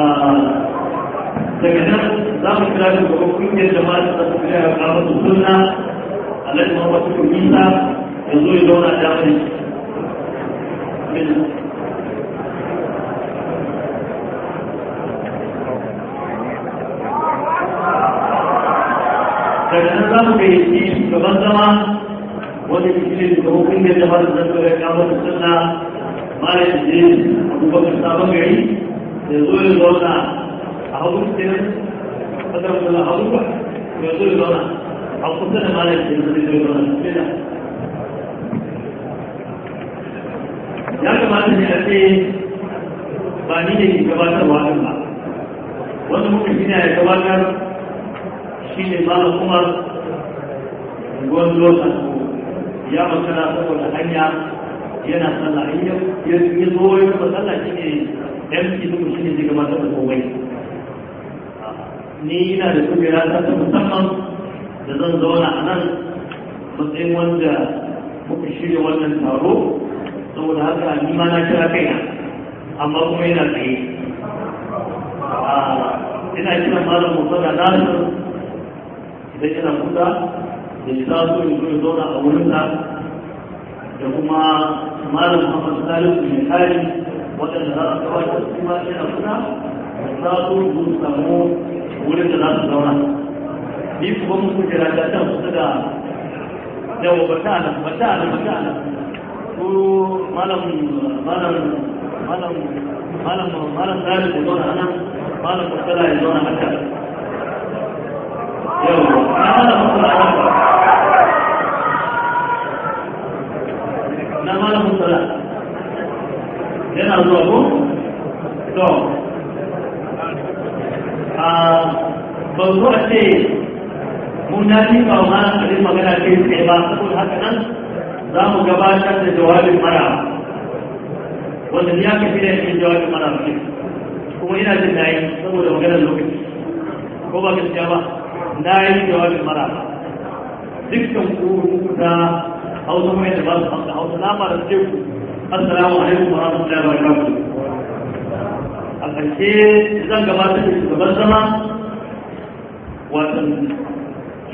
Ah, daga nan za mu kira da gaba kungiyar jama'a da zafi kira ya kama da sunna alhaji muhammad su nisa ya zo ya zauna da mai daga nan za mu gayyaci gaban zama wani ke shirya da gaba kungiyar jama'a da zafi kira ya kama sunna malam idris abubakar sabon gari da zo ya zauna a hagu kenan kasar musulun hagu ba ya zo ya zauna a kusa da malam idris da zo ya zauna ya kamata ne a ce ba ni ne ke gabatarwa ɗin gabatar shi ne malam umar magana saboda hanya yana sallah in ya zo ya kuma sallah shi ne ɗan ki duk shi ne zai gabatar da komai ni ina da kujera ta ta musamman da zan zauna a nan matsayin wanda muka shirya wannan taro saboda haka ni ma na kira kaina amma kuma yana tsaye ah, ina kiran malam musa da nasu idan yana kusa da shi za su yi zauna a wurin da kuma malam mai kari waɗanda za su kawai zuwa ko? to a ban zo a ce mun daji ba ma a yi magana ce tsaye ba saboda haka za mu gabata da jawabin mara wanda ni kafi da yin jawabin mara kuma ina jin na yi saboda maganar lokaci ko ba gaskiya ba na yi jawabin mara ba dukkan ku da hausa mai da ba su hausa na mara ce ku assalamu alaikum wa rahmatullahi wa barakatuh a ƙarshe zan gabatar da shugaban zama wato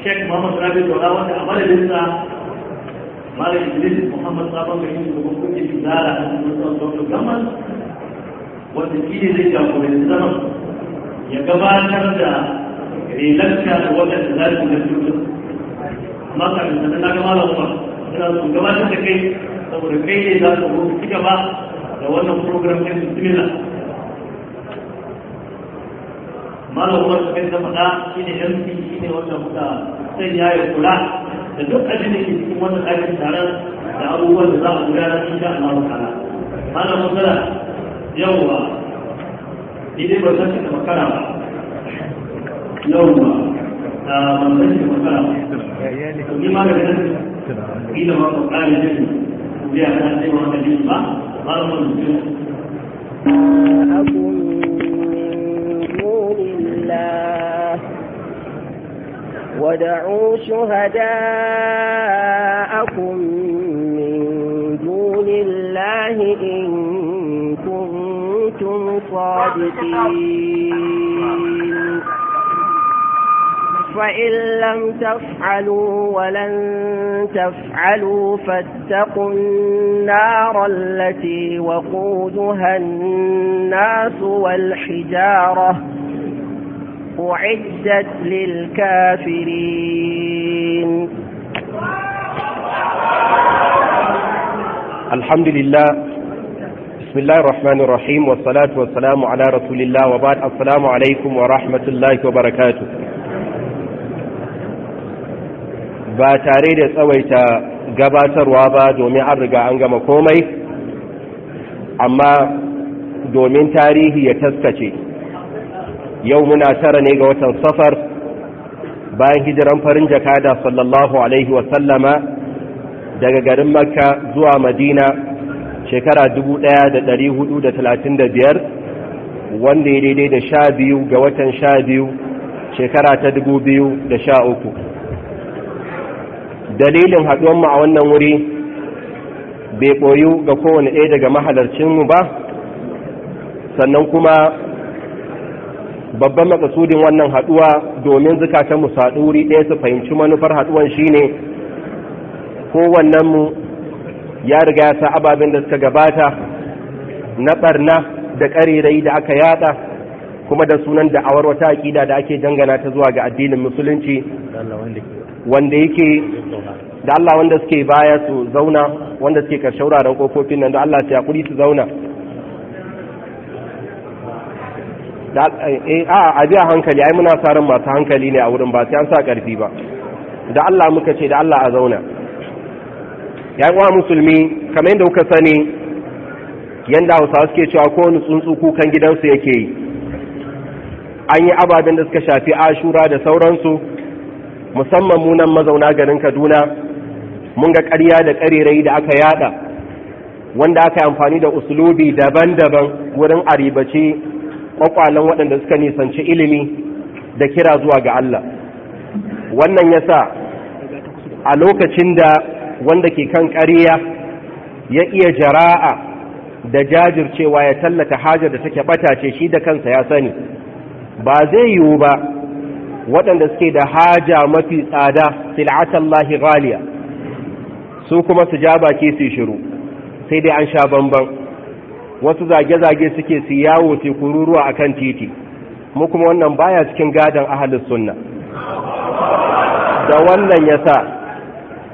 Sheikh Muhammad Rabi Dora wanda a madadinsa Malam Idris Muhammad Sabon Gari shugaban kungiyar Zara a cikin Dr. Gamal wanda shi ne zai jagoranci zama ya gabatar da relarta da waɗanda za su da su amma kafin sannan na gama gabatar da kai saboda kai ne za ka gobe ci gaba da wannan program ɗin su malam umar su kai zama da shi ne yanki shi ne wanda muka sai ya kula da duk abin da ke cikin wannan ɗakin taron da abubuwan da za a gudanar shi sha Allah ta'ala malam yau yawwa ni dai ba cika makara ba yawwa ah, ban san cika makara ba ni ma da ganin da ma ba ƙarin jini ودعوا شهداءكم من دون الله إن كنتم صادقين فإن لم تفعلوا ولن تفعلوا فاتقوا النار التي وقودها الناس والحجارة أعدت للكافرين الحمد لله بسم الله الرحمن الرحيم والصلاة والسلام على رسول الله وبعد السلام عليكم ورحمة الله وبركاته ba tare da tsawaita gabatarwa ba domin an riga an gama komai amma domin tarihi ya taskace yau muna tara ne ga watan safar bayan hijiran farin jakada sallallahu alaihi wasallama daga garin makka zuwa madina shekara 1435 wanda ya daidai da sha biyu ga watan sha biyu shekara ta 2013 dalilin mu a wannan wuri bai koyu ga kowane ɗaya daga mahalarcinmu ba sannan kuma babban makasudin wannan haɗuwa domin zukatan mu saɗu wuri ɗaya su fahimci manufar haɗuwan shi ne kowannenmu ya riga ya sa ababen da suka gabata na ɓarna da ƙarirai da aka yada kuma da sunan da'awar wata aƙida da ake dangana ta zuwa ga addinin musulunci wanda yake da Allah wanda suke baya su zauna wanda suke karshe wuraren kofofin nan da Allah su kuri su zauna eh, a a biya hankali ai muna sa ran masu hankali ne a wurin ba sai an sa karfi ba da Allah muka ce da Allah a zauna ya wa musulmi kamar yadda kuka sani yanda Hausawa suke cewa kowane tsuntsu kukan gidansu yake yi an yi ababen da suka shafi ashura da sauransu musamman munan mazauna garin kaduna mun ga ƙarya da ƙarirai da aka yada wanda aka yi amfani da usulubi daban-daban wurin aribace kwakwalen waɗanda suka nisanci ilimi da kira zuwa ga Allah wannan ya sa a lokacin da wanda ke kan ƙarya ya iya jara'a da jajircewa ya tallata hajar da take ɓatace shi da kansa ya sani ba zai yiwu ba waɗanda suke da haja mafi tsada sil'atallahi ghaliya su kuma su ja baki su shiru sai dai an sha bamban wasu zage-zage suke su yawo su a kan titi mu kuma wannan baya cikin gadon ahalus sunna da wannan yasa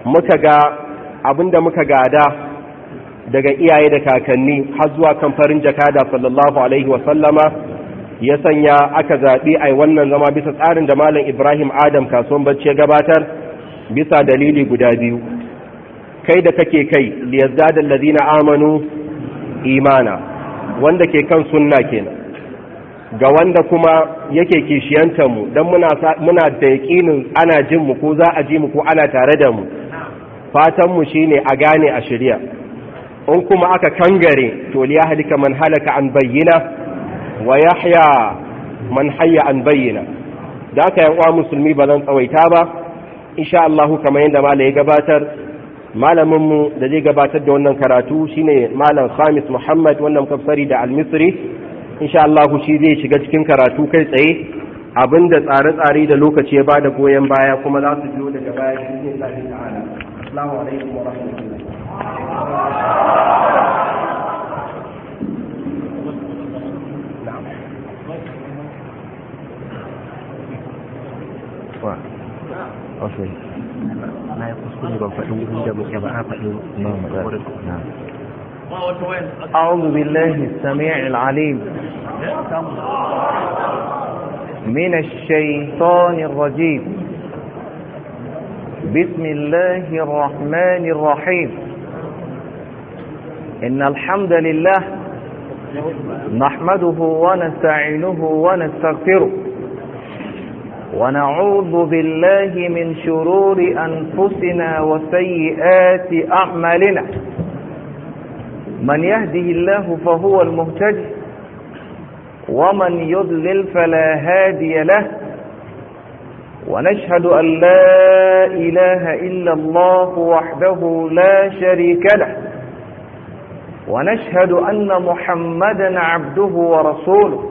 muka ga abinda muka gada daga iyaye da kakanni har zuwa kan farin jakada sallallahu alaihi wasallama ya sanya aka zaɓi a wannan zama bisa tsarin da malam ibrahim adam kasuwan bacci ya gabatar bisa dalili guda biyu kai da kake kai da lazina amanu imana wanda ke kan sunna kenan ga wanda kuma yake kishiyanta mu don muna da yaƙinin ana jin mu ko za a ji mu ko ana tare da mu fatanmu shine a gane a shirya in kuma aka kangare to liya halika man halaka an bayyana wa yahya man hayya an bayyana da aka yan uwa musulmi ba zan tsawaita ba insha Allah kamar yadda malai ya gabatar malamin mu da zai gabatar da wannan karatu shine malam Khamis Muhammad wannan kafsari da al-Misri insha Allah shi zai shiga cikin karatu kai tsaye abinda tsare-tsare da lokaci ya bada goyon baya kuma za su biyo daga baya shi ne ta'ala assalamu alaikum wa rahmatullahi لا نعم نعم أعوذ بالله السميع العليم من الشيطان الرجيم بسم الله الرحمن الرحيم إن الحمد لله نحمده ونستعينه ونستغفره ونعوذ بالله من شرور أنفسنا وسيئات أعمالنا من يهده الله فهو المهتدي ومن يضلل فلا هادي له ونشهد أن لا إله إلا الله وحده لا شريك له ونشهد أن محمدا عبده ورسوله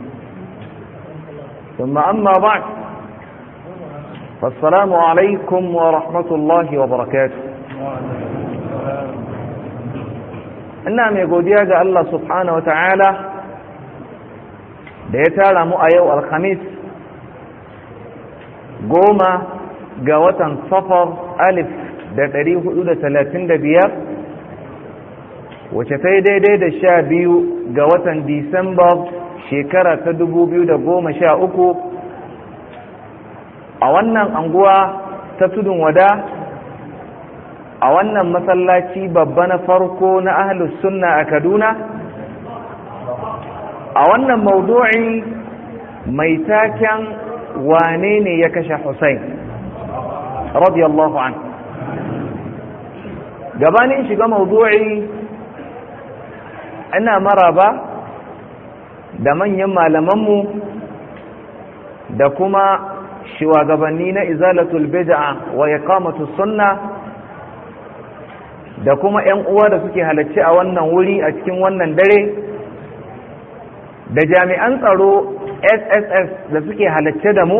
ثم أما بعد فالسلام عليكم ورحمة الله وبركاته إنهم يقول يا الله سبحانه وتعالى يتعالى مؤيو الخميس قوما قوة صفر ألف دقريه إلى ثلاثين دبيار وشتيدي ديد الشابيو قوة ديسمبر shekara ta dubu biyu da goma sha uku a wannan anguwa ta tudun wada a wannan masallaci babba na farko na ahalus sunna a kaduna a wannan maudu'i mai taken wane ne ya kashe hussein radiyallahu an gabanin shiga maudu'i ina maraba da manyan malamanmu da kuma shugabanni na izalatul bid'a wa iqamatu sunna da kuma 'yan uwa da suke halarci a wannan wuri a cikin wannan dare da jami'an tsaro SSS da suke halarci da mu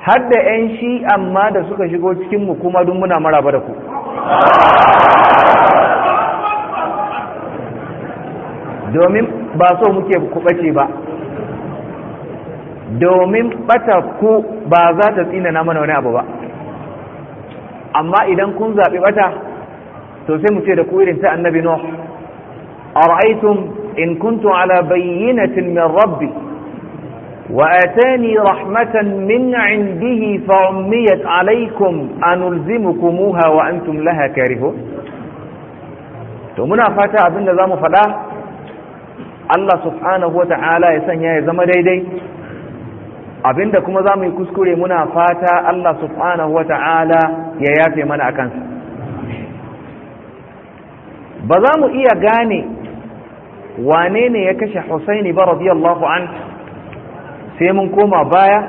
har da 'yan shi amma da suka shigo cikinmu kuma duk muna maraba da ku domin ba so muke ku bace ba domin bata ku ba za ta tsinana mana wani abu ba amma idan kun zaɓi bata to sai mu ce da ku irin ta annabi nuh ara'aytum in kuntu ala bayyinatin min rabbi وآتاني رحمة من عنده فعميت عليكم أنلزمكموها وأنتم لها كارهون to muna fata abinda zamu faɗa Allah subhanahu wa ta'ala ya sanya ya zama daidai abinda kuma za mu yi kuskure muna fata Allah subhanahu wa ta'ala ya yafe mana kansa. ba za mu iya gane wane ne ya kashe Husaini ba radiyallahu an sai mun koma baya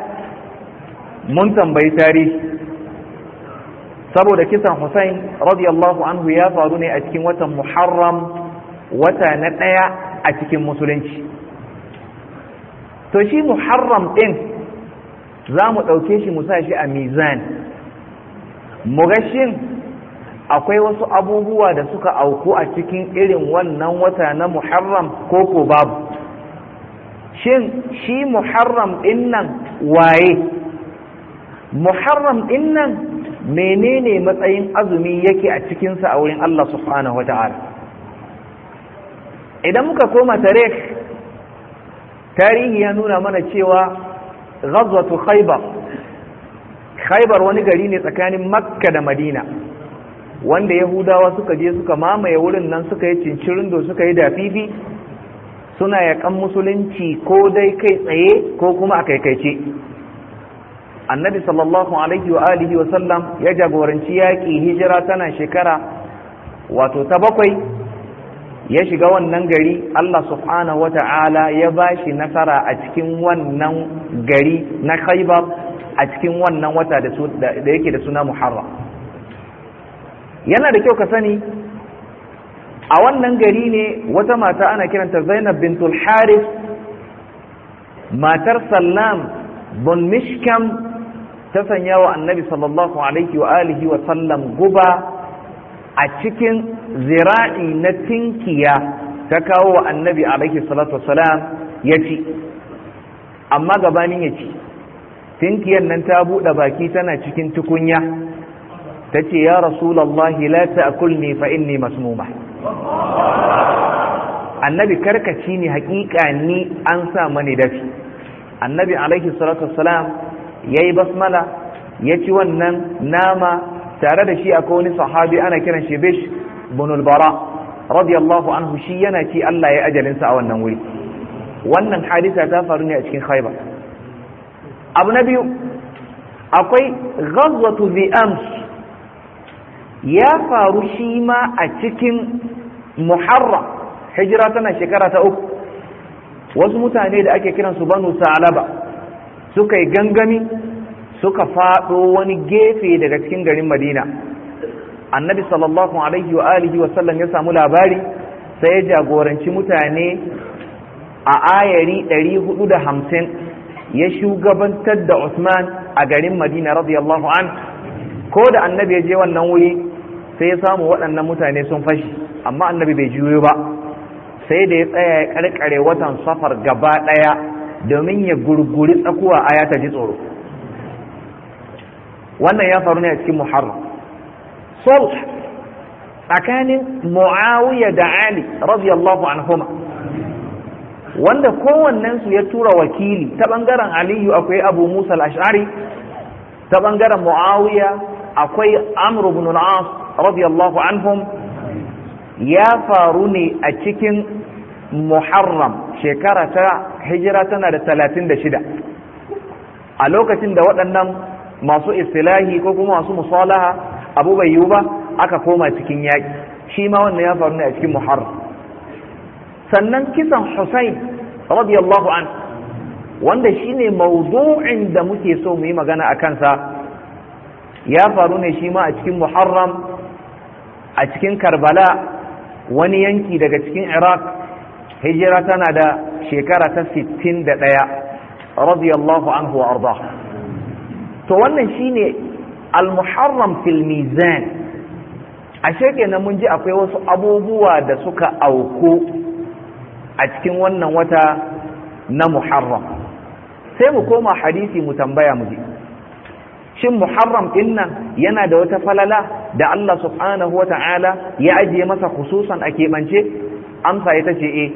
mun tambayi tarihi saboda kisan Husain radiyallahu anhu ya faru ne a cikin watan Muharram wata na ɗaya a cikin musulunci to shi muharram ɗin za mu ɗauke shi mu sa shi a mizan mu ga shin akwai wasu abubuwa da suka auku a cikin irin wannan wata na muharram ko ko babu shin shi muharram ɗin nan waye muharram ɗin nan menene matsayin azumi yake a cikinsa a wurin Allah subhanahu wa idan muka koma tarikh tarihi ya nuna mana cewa ghazwatu khaybar khaybar wani gari ne tsakanin makka da madina wanda yahudawa suka je suka mamaye wurin nan suka yi cincirindo suka yi dafifi suna yakan musulunci ko dai kai tsaye ko kuma a kaikaice annabi sallallahu alaihi wa alihi wa sallam ya jagoranci yaƙi hijira tana shekara wato ta bakwai ya shiga wannan gari Allah subhanahu wata'ala ya bashi nasara a cikin wannan gari na Khaibar a cikin wannan wata da yake da suna Muharram yana da kyau ka sani a wannan gari ne wata mata ana kiranta Zainab bintul Harith matar Sallam bin Mishkam ta sanya wa Annabi sallallahu alaihi wa alihi wa sallam guba a cikin zira'i na tinkiya ta kawo wa annabi alaihi salatu wasalam ya ci amma gabanin ya ci tinkiyar nan ta buɗe baki tana cikin tukunya ta ce ya rasulallahi la ta'kulni fa inni masmuma annabi karkaci ne hakika ni an sa mani dafi annabi alaihi salatu wasalam yayi basmala ya ci wannan nama tare da shi akwai wani sahabi ana kiran shi bish bunul bara radiyallahu anhu shi yana ci Allah ya ajalinsa a wannan wuri wannan hadisa ta faru ne a cikin khaiba abu na biyu akwai ghazwatu the ya faru shi ma a cikin muharram hijira tana shekara ta uku wasu mutane da ake kiransu banu salaba suka yi gangami suka faɗo wani gefe daga cikin garin madina annabi sallallahu alaihi wa alihi wa sallam ya samu labari sai ya jagoranci mutane a ayari hamsin ya shugabantar da Usman a garin Madina radiyallahu an ko da annabi ya je wannan wuri sai ya samu waɗannan mutane sun fashi amma annabi bai juyo ba sai da ya tsaya ya ƙarƙare watan safar gaba ɗaya domin ya gurguri tsakuwa aya ta ji tsoro wannan ya faru ne a cikin muharram sulh tsakanin muawiya da ali radiyallahu anhuma wanda kowannensu ya tura wakili ta bangaren aliyu akwai abu musa al-ash'ari ta bangaren muawiya akwai amr ibn al-as radiyallahu anhum ya faru ne a cikin muharram shekara ta hijira tana da 36 a lokacin da waɗannan masu istilahi ko kuma masu musalaha abu bai yiwu ba aka koma cikin yaƙi shi ma wannan ya faru ne a cikin muharram sannan kisan husain radiyallahu an wanda shine mawdu'in da muke so mu yi magana a kansa ya faru ne shi ma a cikin muharram a cikin karbala wani yanki daga cikin iraq hijira tana da shekara ta 61 radiyallahu anhu wa arda to wannan shine al-muharram fil mizan ashe kenan mun ji akwai wasu abubuwa da suka auku a cikin wannan wata na muharram sai mu koma hadisi mu tambaya mu ji shin muharram din nan yana da wata falala da Allah subhanahu wata'ala ya ajiye masa khususan a keɓance amsa ita ce eh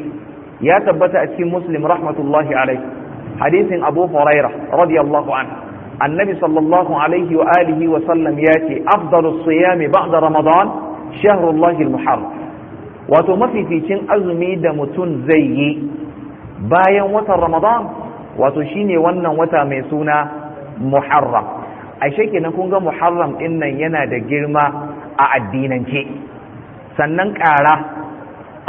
ya tabbata a cikin muslim rahmatullahi alaihi hadisin abu huraira radiyallahu anhu annabi sallallahu alaihi wa alihi wa sallam ya ce afdalus siyami ba'da ramadan shahrullahi al-muharram wato mafificin azumi da mutum zai yi bayan watan ramadan wato shine wannan wata mai suna muharram ashe kenan na kunga muharram din yana da girma a addinance sannan ƙara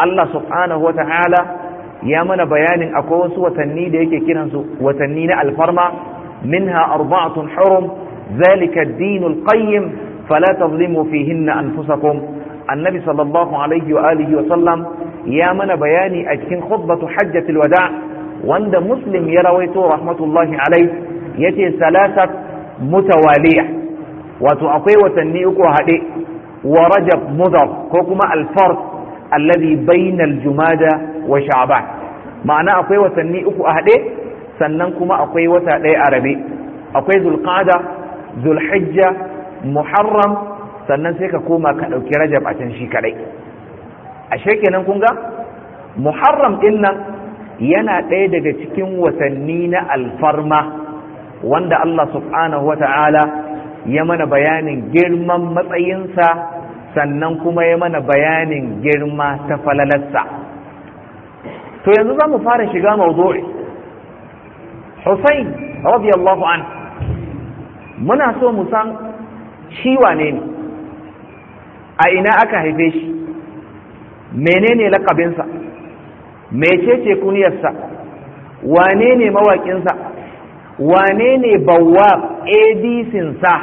Allah subhanahu ta'ala ya mana bayanin akwai wasu watanni da yake kiransu watanni na alfarma منها أربعة حرم ذلك الدين القيم فلا تظلموا فيهن أنفسكم النبي صلى الله عليه وآله وسلم يا من بياني أجكن خطبة حجة الوداع وند مسلم يرويت رحمة الله عليه يتي ثلاثة متوالية وتعطي وتنيئك وهدئ ورجب مضر كوكما الفرق الذي بين الجمادة وشعبان معنى أطي وتنيئك أهدي sannan kuma akwai wata ɗaya a rabe akwai zulqada zulhijja muharram sannan sai ka koma ka ɗauki rajab a can shi kaɗai A kenan kun ga muharram ɗin nan yana ɗaya daga cikin watanni na alfarma wanda Allah subhanahu wa ta'ala ya mana bayanin girman matsayinsa sannan kuma ya mana bayanin girma ta falalarsa to yanzu za mu fara shiga mawdu'i Hussein radiyallahu an muna so mu san shi wane ne a ina aka haife shi menene lakabinsa mecece kuniyarsa wane ne mawaƙinsa wane ne bawa sa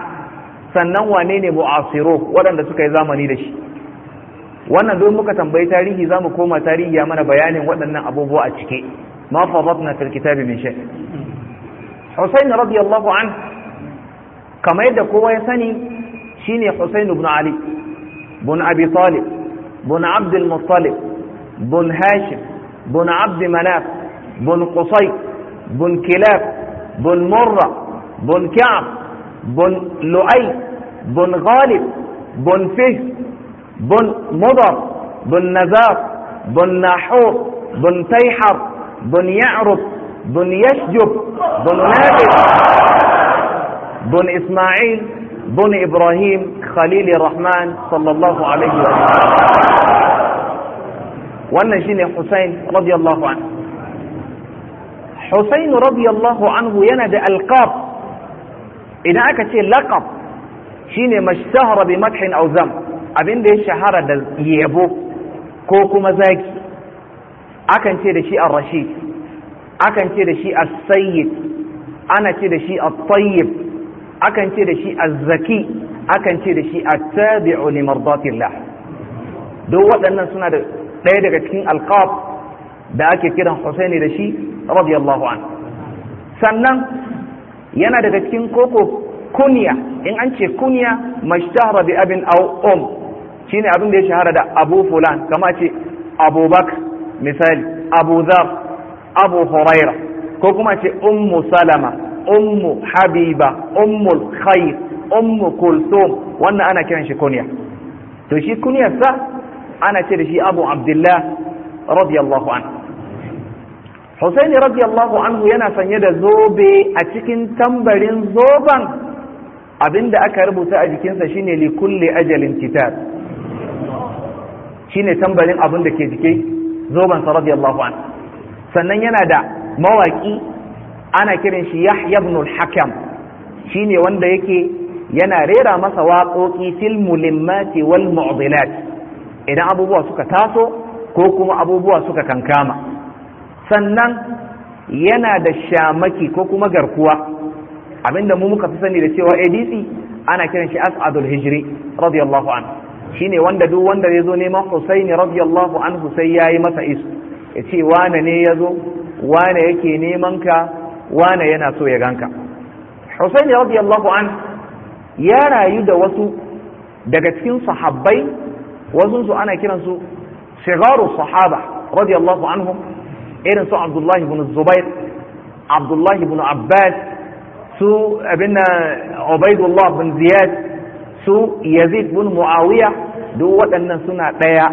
sannan wane ne mu'asiro waɗanda suka yi zamani da shi wannan don muka tambayi tarihi za mu koma tarihi ya mana bayanin waɗannan abubuwa a cike ما فرضتنا في الكتاب من شيء حسين رضي الله عنه كما يدكوا ويساني شيني حسين بن علي بن أبي طالب بن عبد المطلب بن هاشم بن عبد مناف بن قصي بن كلاب بن مرة بن كعب بن لؤي بن غالب بن فهد بن مضر بن نزار بن ناحور بن تيحر بن يعرب بن يشجب بن نابل بن إسماعيل بن إبراهيم خليل الرحمن صلى الله عليه وسلم وانا جيني حسين رضي الله عنه حسين رضي الله عنه يند ألقاب إن أكت لقب شيني ما اشتهر بمدح أو ذنب abin da ya shahara da yabo ko kuma zaki akan ce da shi ar-rashid akan ce da shi as-sayyid ana ce da shi at-tayyib akan ce da shi az-zaki akan ce da shi at-tabi'u li mardatillah duk waɗannan suna da ɗaya daga cikin alqab da ake kiran Husaini da shi radiyallahu an sannan yana daga cikin koko kunya in an ce kunya mashtahara bi abin aw um shine abin da ya shahara da abu fulan kama ce abubakar misali abu zar abu huraira ko kuma ce ummu salama ummu habiba ummu khair ummu kulsum wannan ana kiran shi kunya to shi kunyarsa ana ce da shi abu abdullah radiyallahu anhu Husaini radiyallahu anhu yana sanye da zobe a cikin tambarin zoban abinda aka rubuta a jikinsa shine li kulli ajalin kitab shine tambarin abin da ke jike zoben sa radiyallahu an sannan yana da mawaki ana kiran shi Yahya ibn al-Hakam shine wanda yake yana rera masa waƙoƙi fil mulimmati wal mu'dilat idan abubuwa suka taso ko kuma abubuwa suka kankama sannan yana da shamaki ko kuma garkuwa abinda mu muka fi sani da cewa ADC ana kiran shi As'adul Hijri radiyallahu anhu shine wanda duk wanda ya zo neman husaini radiyallahu anhu sai yayi masa is yace wane ne yazo wane yake neman ka wane yana so ya ganka husaini radiyallahu an ya rayu da wasu daga cikin sahabbai wasu su ana kiran su shigaru sahaba radiyallahu anhum irin su abdullahi ibn zubair abdullahi ibn abbas su abinna ubaidullah ibn ziyad su yazid bin muawiya duk waɗannan suna ɗaya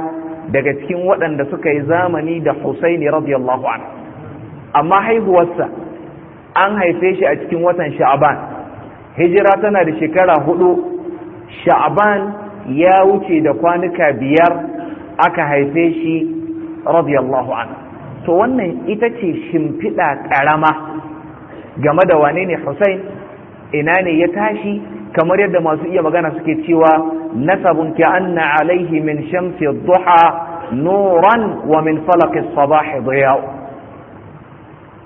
daga cikin waɗanda suka yi zamani da husaini radiyallahu anhu amma haihuwarsa an haife shi a cikin watan sha'aban hijira tana da shekara hudu sha'aban ya wuce da kwanuka biyar aka haife shi radiyallahu anhu to wannan ita ce shimfiɗa ƙarama game da wane ne Husain ina ne ya tashi kamar yadda masu iya magana suke cewa nasabun ka anna alaihi min shamsi duha nuran wa min falaki sabah diya'u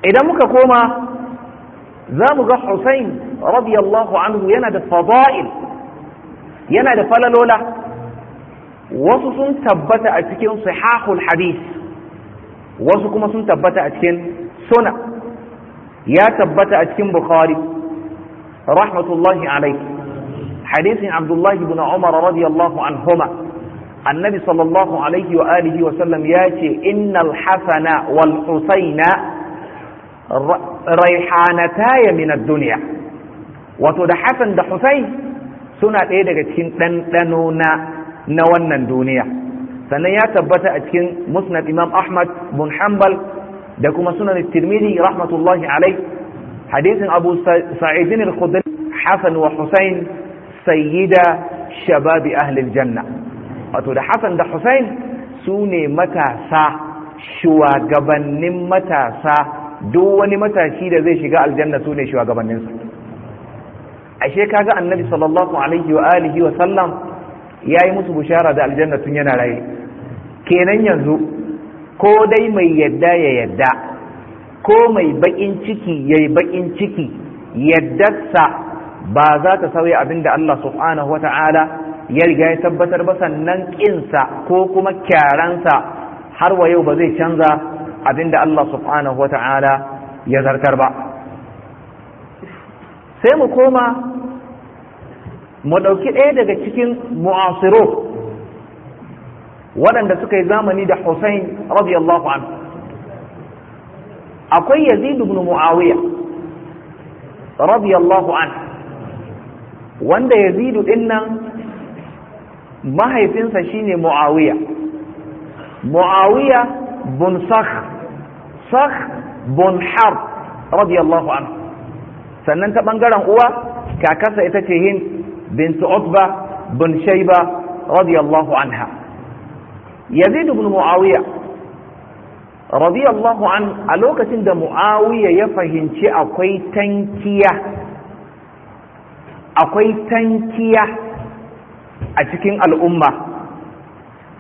idan muka koma za mu ga Hussein radiyallahu anhu yana da fada'il yana da falalola wasu sun tabbata a cikin sahihul hadith wasu kuma sun tabbata a cikin suna ya tabbata a cikin bukhari rahmatullahi alaihi hadisin abdullahi ibn umar radiyallahu anhuma annabi sallallahu wa alihi ya ce innal hasana wal husaina taya min ad wato da hasan da husain suna ɗaya daga cikin ɗanɗano na wannan duniya sannan ya tabbata a cikin musnad imam ahmad bin hanbal da kuma sunan tirmidhi rahmatullahi alaihi hadisin abu sa'idin khudri hasan wa sayyida shababi ahlil janna wato da Hassan da Hussein su ne matasa shugabannin matasa duk wani matashi da zai shiga aljanna su ne shugabanninsa ashe kaga annabi sallallahu alaihi wa alihi wa sallam yayi musu bushara da aljanna tun yana raye kenan yanzu ko dai mai yadda ya yadda ko mai bakin ciki yayi bakin ciki yaddarsa ba za ta sauya abin da Allah subhanahu ta'ala ya riga ya tabbatar ba sannan insa ko kuma kyaransa har wa yau ba zai canza abin da Allah subhanahu ta'ala ya zartar ba sai mu koma mu ɗauki ɗaya daga cikin mu'asiro waɗanda suka yi zamani da Hussein radiyallahu anhu akwai Yazid ibn Muawiya radiyallahu anhu wanda yazidu din mahaifinsa shine muawiya muawiya bin sakh sakh bin har. radiyallahu anhu sannan ta bangaren uwa kakarsa ita ce hin bint utba bin shayba radiyallahu anha yazid ibn muawiya radiyallahu a lokacin da muawiya ya fahimci akwai tankiya akwai tankiya a cikin al'umma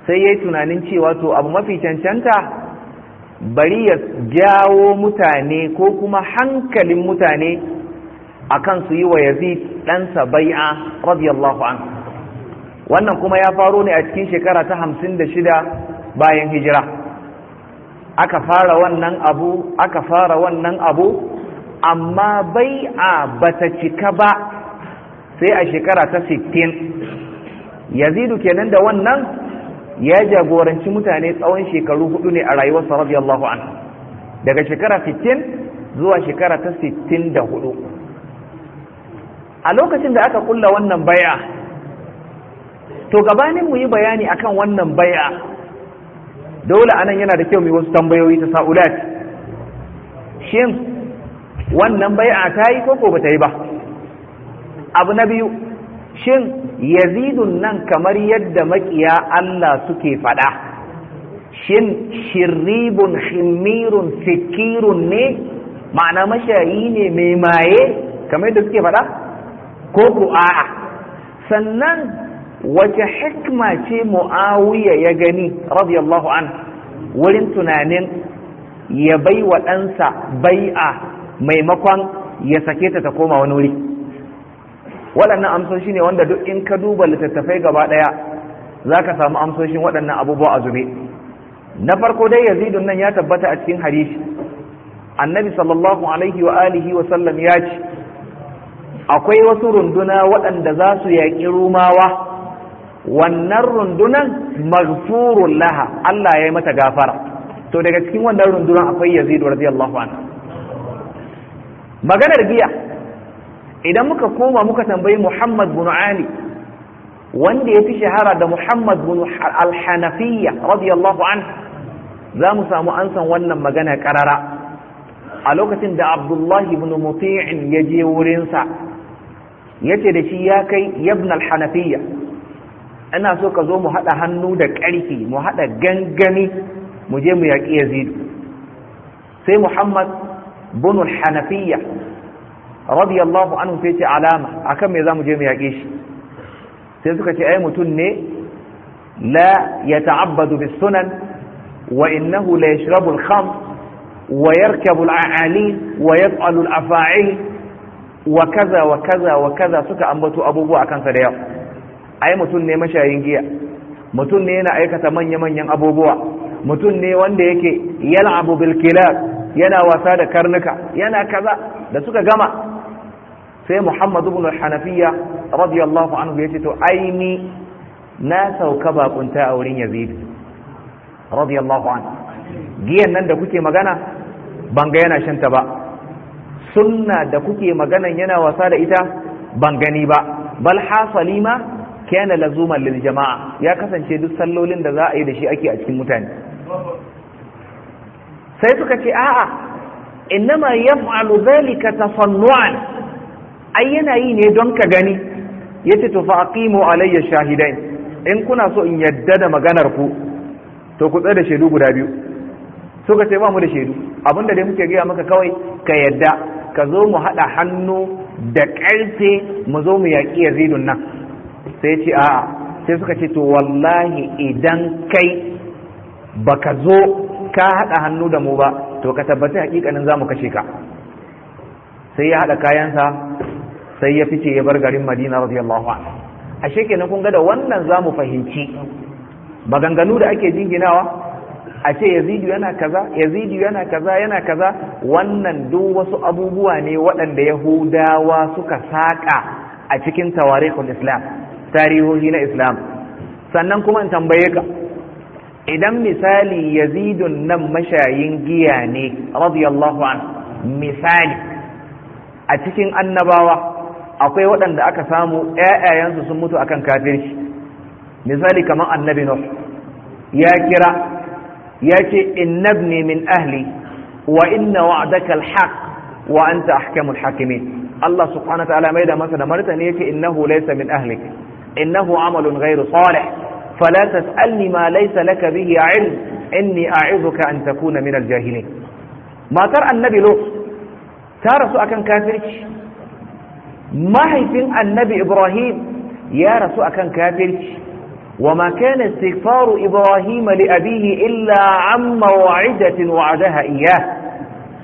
sai ya yi tunanin cewa to abu mafi cancanta bari ya jawo mutane ko kuma hankalin mutane akan su yi wa yazid ɗansa bai'a radiyallahu an wannan kuma ya faro ne a cikin shekara ta hamsin da shida bayan hijira aka fara wannan abu aka fara wannan abu amma bai'a bata cika ba sai a shekara ta sittin, yazidu kenan da wannan ya jagoranci mutane tsawon shekaru hudu ne a rayuwarsa radiyallahu an daga shekara 60 zuwa shekara ta 64 a lokacin da aka kulla wannan baya to gabanin mu yi bayani akan wannan baya dole anan yana da kyau mai wasu tambayoyi ta sa'ulat shin wannan bai'a ta yi ko ko ba ta yi ba abu na biyu shin yazidun nan kamar yadda makiya Allah suke faɗa shin shirribun shimirun sikirun ne ma'ana mashayi ne mai maye kamar yadda suke faɗa ko ku a'a sannan wace hikma ce mu'awiya ya gani radiyallahu an wurin tunanin ya bai wa ɗansa bai'a maimakon ya sake ta koma wani wuri waɗannan amsoshi ne wanda duk in ka duba littattafai gaba ɗaya za ka samu amsoshin waɗannan abubuwa a zube na farko dai yazidun nan ya tabbata a cikin hadisi annabi sallallahu alaihi wa alihi wa sallam ya ce akwai wasu runduna waɗanda za su yaƙi rumawa wannan rundunan maghfurun laha Allah ya yi mata gafara to daga cikin wannan rundunan akwai yazidu radiyallahu anhu maganar giya idan muka koma muka tambayi muhammad bin ali wanda ya fi shahara da muhammad bin al radiyallahu an za mu samu ansan wannan magana karara a lokacin da abdullahi bin muti'in ya je wurinsa ya ce da shi ya kai yabna al-hanafiyya ina so ka zo mu haɗa hannu da ƙarfi mu haɗa gangami mu je mu yaƙi yazidu sai muhammad bin al-hanafiyya radiyallahu anhu sai ce alama akan me zamu je mu yake shi sai suka ce ai mutun ne la yata'abbadu bis sunan wa innahu la yashrabu al kham wa yarkabu al a'ali wa yaf'alu al afa'il wa kaza wa kaza wa kaza suka ambato abubuwa akan sa da yau ai mutun ne mashayin giya mutun ne yana aikata manya-manyan abubuwa mutun ne wanda yake yal'abu bil kilab yana wasa da karnuka yana kaza da suka gama sai muhammad ibn hanafiya radiyallahu anhu yace to aini na sauka bakunta a wurin yazid radiyallahu anhu giyan nan da kuke magana ban ga yana ba sunna da kuke maganan yana wasa da ita ban gani ba bal hasali ma kana lazuman lil jama'a ya kasance duk sallolin da za a yi da shi ake a cikin mutane sai suka ce a'a innama yaf'alu dhalika tafannu'an ai yana yi ne don ka gani yace to fa aqimu alayya in kuna so in yadda da maganar ku to ku tsaye da shaidu guda biyu so ka ce ba mu da shaidu abinda da muke gaya maka kawai ka yadda ka zo mu haɗa hannu da ƙarfe mu zo mu yaƙi yazidun nan sai ce a'a sai suka ce to wallahi idan kai baka zo ka haɗa hannu da mu ba to ka tabbata hakikanin za mu kashe ka sai ya haɗa kayansa sai ya fice ya bar garin madina radiyallahu anhu ashe kenan kun ga da wannan zamu fahimci maganganu da ake jinginawa a ce yazidu yana kaza yazidu yana kaza yana kaza wannan duk wasu abubuwa ne waɗanda yahudawa suka saƙa a cikin tawarikul islam tarihohi na islam sannan kuma in tambaye ka idan misali yazidun nan mashayin giya ne radiyallahu an misali a cikin annabawa akwai waɗanda aka samu ƴaƴayensu sun mutu akan kafirci misali kamar annabi nuh ya kira ya ce innabni min ahli wa inna wa'daka alhaq wa anta ahkamul hakimin Allah subhanahu wa ta'ala mai da masa da martani yake innahu laysa min ahlik innahu amalun ghairu salih fala tas'alni ma laysa laka bihi ilm inni a'idhuka an takuna min aljahilin matar annabi lut ta rasu akan kafirci mahaifin annabi ibrahim ya rasu akan kafirci وما كان استغفار إبراهيم لأبيه إلا عن موعدة وعدها إياه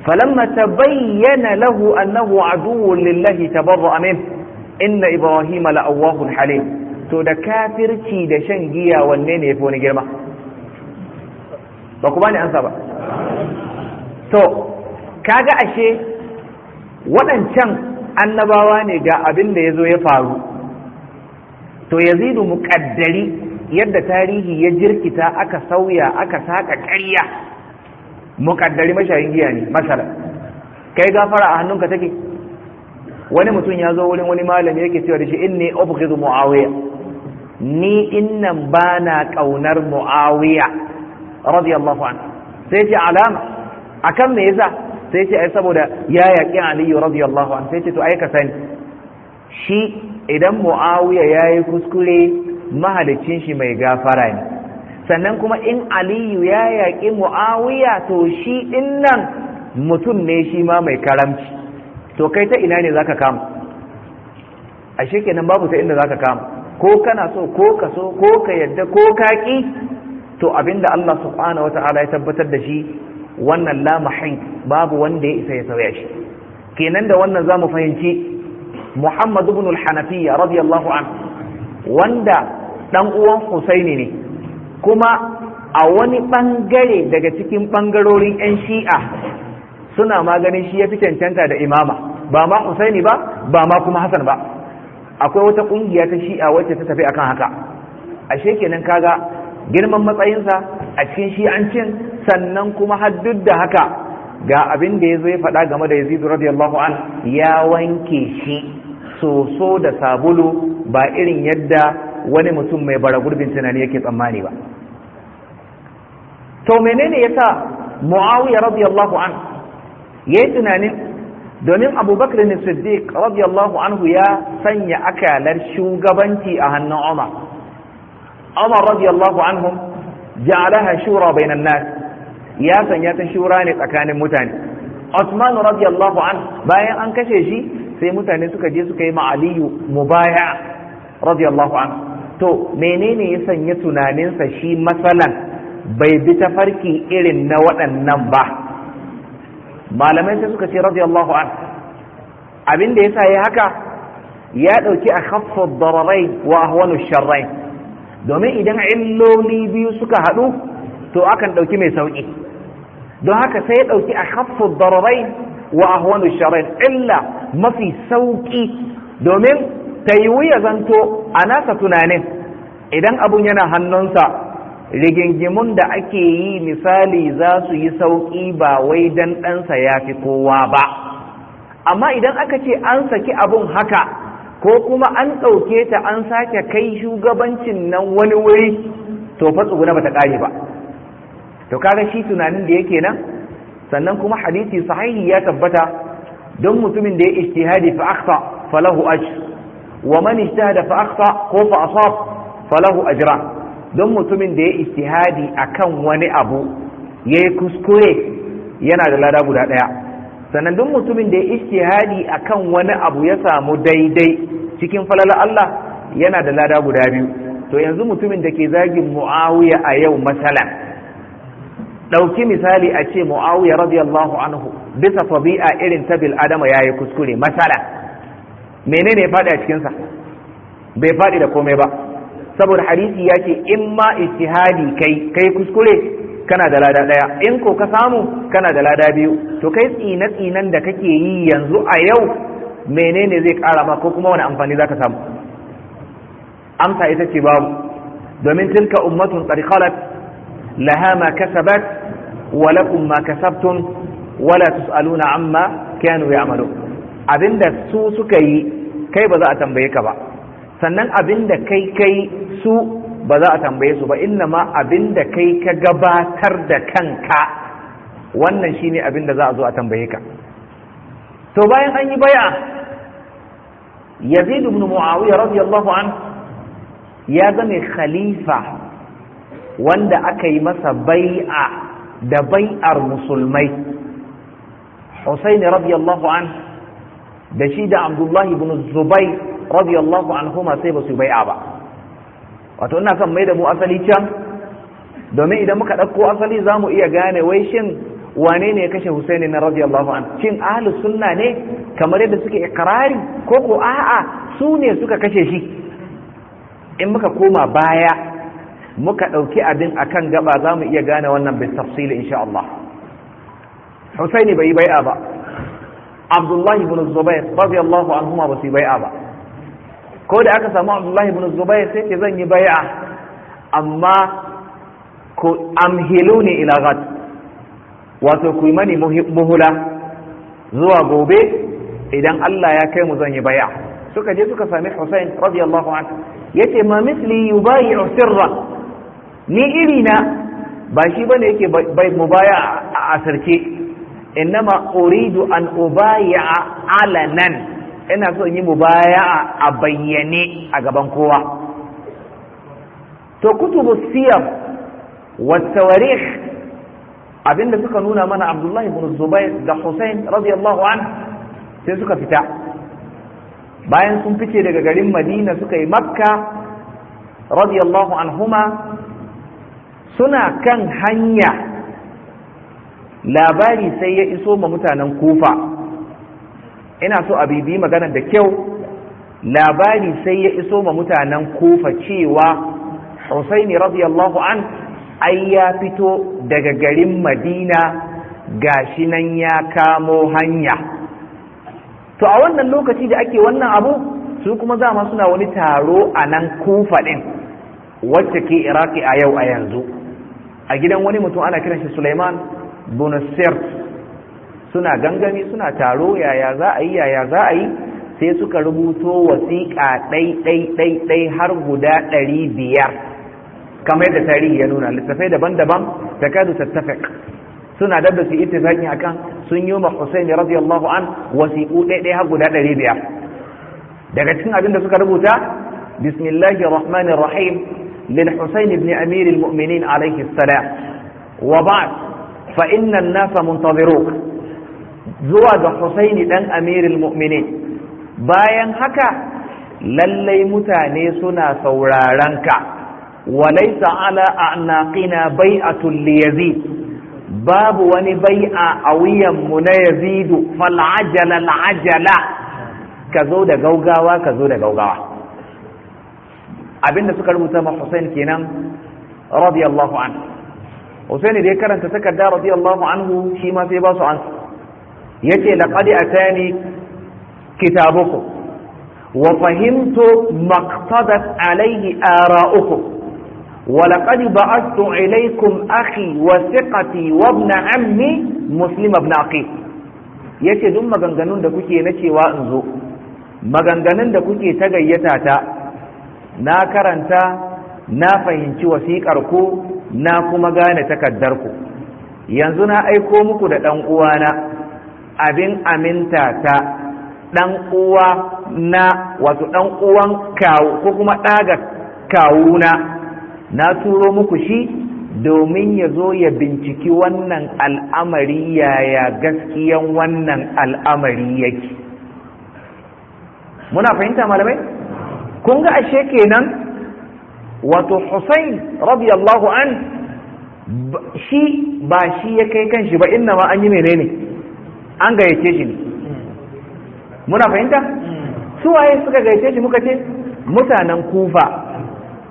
فلما تبين له أنه عدو لله تبرأ منه إن إبراهيم لأواه حليم to da kafirci da shan giya wanne ne yafi wani girma ba kuma ne ansa ba to kaga ashe waɗancan annabawa ne ga abin da ya zo ya faru to yazidu muƙaddari yadda tarihi ya jirkita aka sauya aka saka ƙarya muƙaddari mashayin giya ne masara kai gafara a hannunka take wani mutum ya zo wurin wani malami yake cewa da shi in inni ubghidu muawiya ni innan bana ƙaunar muawiya radiyallahu anhu sai ce alama akan me yasa sai ce ai saboda ya yaƙi aliyu radiyallahu an sai ce to ai ka sani shi idan muawiya yi kuskure mahalicin shi mai gafara ne sannan kuma in aliyu ya yaƙi muawiya to shi din nan mutum ne shi ma mai karamci to kai ta ina ne za ka kama ashe kenan babu ta inda za ka kama ko kana so ko ka so ko ka yadda ko ka ki to abinda Allah subhanahu ta'ala ya tabbatar da shi wannan lamahin babu wanda ya isa ya sauya shi kenan da wannan zamu fahimci Muhammad ibn al-Hanafiya radiyallahu an. wanda dan uwan Husaini ne kuma a wani bangare daga cikin bangarorin 'yan shi'a suna maganin shi ya fi cancanta da imama ba ma Husaini ba ba ma kuma Hassan ba akwai wata kungiya ta shi'a wacce ta tafi akan haka ashe kenan kaga girman matsayinsa a cikin shi'ancin sannan kuma har da haka ga abin da ya zo ya faɗa game da yazidu radiyallahu an ya wanke shi soso da sabulu ba irin yadda wani mutum mai bara gurbin tunani yake tsammani ba to menene yasa muawiya radiyallahu an yayi tunanin domin abubakar ne siddiq radiyallahu anhu ya sanya akalar shugabanci a hannun umar umar radiyallahu anhu ja'alaha shura bainan nas ya sanya ta shura ne tsakanin mutane Usman radiyallahu an bayan an kashe shi sai mutane suka je suka yi ma Aliyu mubaya radiyallahu an to menene ya sanya tunaninsa shi masalan bai bi ta farki irin na waɗannan ba malamai sai suka ce radiyallahu an abin da yasa ya haka ya ɗauki a khaffar dararai wa ahwanu sharrai domin idan illoli biyu suka haɗu to akan ɗauki mai sauƙi don haka sai ya ɗauki a hafsu dararai wa ahwanu sharai illa mafi sauƙi domin ta yi wuya zanto a nasa tunanin idan abun yana hannunsa rigingimun da ake yi misali za su yi sauƙi ba wai dan ɗansa ya fi kowa ba amma idan aka ce an saki abun haka ko kuma an ɗauke ta an sake kai shugabancin nan wani wuri to fa ba ta ƙare ba to kaga shi tunanin da yake nan sannan kuma hadisi sahihi ya tabbata don mutumin da ya ijtihadi fa akhta falahu ajr wa man ijtahada fa akhta ko fa asab falahu ajra, don mutumin da ya ijtihadi akan wani abu yayi kuskure yana da lada guda daya sannan duk mutumin da ya ijtihadi akan wani abu ya samu daidai cikin falalar Allah yana da lada guda biyu to yanzu mutumin da ke zagin Muawiya a yau masalan ɗauki misali a ce mu'awiya radiyallahu anhu bisa tabi'a irin ta bil adama yayi kuskure masala menene ya faɗi a cikinsa bai faɗi da komai ba saboda hadisi ya in ma ijtihadi kai kai kuskure kana da lada ɗaya in ko ka samu kana da lada biyu to kai tsina tsinan da kake yi yanzu a yau menene zai ƙara ma ko kuma wani amfani zaka samu amsa ita ce babu domin tilka ummatun qad laha ma kasabat wa lakum ma kasabtum wala tusaluna amma kanu ya'malu abinda su suka yi kai ba za a tambaye ka ba sannan abinda kai kai su ba za a tambaye su ba inna ma abinda kai ka gabatar da kanka wannan shine abinda za a zo a tambaye ka to bayan an yi baya yazid ibn muawiya radiyallahu an ya zame khalifa wanda aka yi masa bai'a da bai'ar musulmai Hussein radiyallahu an da shi da Abdullahi ibn Zubai radiyallahu anhuma sai ba su bai'a ba wato ina kan mai da mu asali can domin idan muka ɗauko asali za mu iya gane wai shin wane ne ya kashe Hussein na radiyallahu an shin ahli sunna ne kamar yadda suke ikrari ko ko a'a su ne suka kashe shi in muka koma baya muka ɗauki abin a kan gaba za mu iya gane wannan bai tafsili insha Allah Husaini bai yi bai'a ba Abdullahi ibn Zubair Allah an huma ba su yi bai'a ba ko da aka samu Abdullahi ibn Zubair sai ke zan yi bai'a amma ku amhiluni ila ghad wato ku yi mani muhula zuwa gobe idan Allah ya kai mu zan yi bai'a suka je suka sami Hussein radiyallahu anhu yace ma misli yubayi'u sirra ni iri na ba shi bane yake bai mu baya a asarce innama uridu an ubaya alanan ina so in yi baya a bayyane a gaban kowa to kutubu siyam wa abinda suka nuna mana Abdullahi ibn Zubair da Hussein radiyallahu anhu sai suka fita bayan sun fice daga garin Madina suka yi Makka radiyallahu anhuma suna kan hanya labari sai ya iso ma mutanen kufa ina so a bibi magana da kyau labari sai ya iso ma mutanen kufa cewa husaini radiyallahu an ai ya fito daga garin madina gashi nan ya kamo hanya to a wannan lokaci da ake wannan abu su kuma zama suna wani taro a nan kufa ɗin wacce ke iraki a yau a yanzu a gidan wani mutum ana kiran shi Suleiman Bonasert suna gangami suna taro yaya za a yi yaya za a yi sai suka rubuto wasiƙa ɗai-ɗai-ɗai har guda ɗari biyar kamar yadda tarihi ya nuna littafai daban-daban da kadu tattafek suna su yi su a akan sun yi ma Hussein radiyallahu an wasiƙu ɗai-ɗai har guda ɗari biyar daga cikin abin da suka rubuta bismillahir rahmanir rahim للحسين بن أمير المؤمنين عليه السلام وبعد فإن الناس منتظروك زواج حسين بن أمير المؤمنين bayan haka lallai mutane suna saurarenka walai ta'ala a naƙina bai'atun liyazi babu wani bai'a a mu na yazidu fal'ajala ka zo da gaugawa ka zo da gaugawa abinda suka rubuta ma Hussein kenan radiyallahu anhu Hussein da ya karanta takarda radiyallahu anhu shi ma sai ba su an yace laqad atani kitabuku wa fahimtu maqtadat alayhi ara'ukum ولقد بعثت إليكم أخي وثقتي وابن عمي مسلم ابن عقيل yace duk maganganun da kuke na cewa in zo maganganun da kuke ta ta na karanta na fahimci wasiƙar ku na kuma gane takardar ku yanzu na aiko muku da ɗan uwana abin aminta ta ɗan uwa na wato ɗan uwan kawo ko kuma ɗaga kawuna na turo muku shi domin ya zo ya binciki wannan al'amari yaya gaskiyan wannan al'amari yake muna fahimta malamai kun ga ashe kenan wato husayn radiyallahu an shi ba shi ya kai kanshi ba inna ma an yi menene an gayyace shi ne muna fahimta Su waye suka gayyace shi muka ce mutanen kufa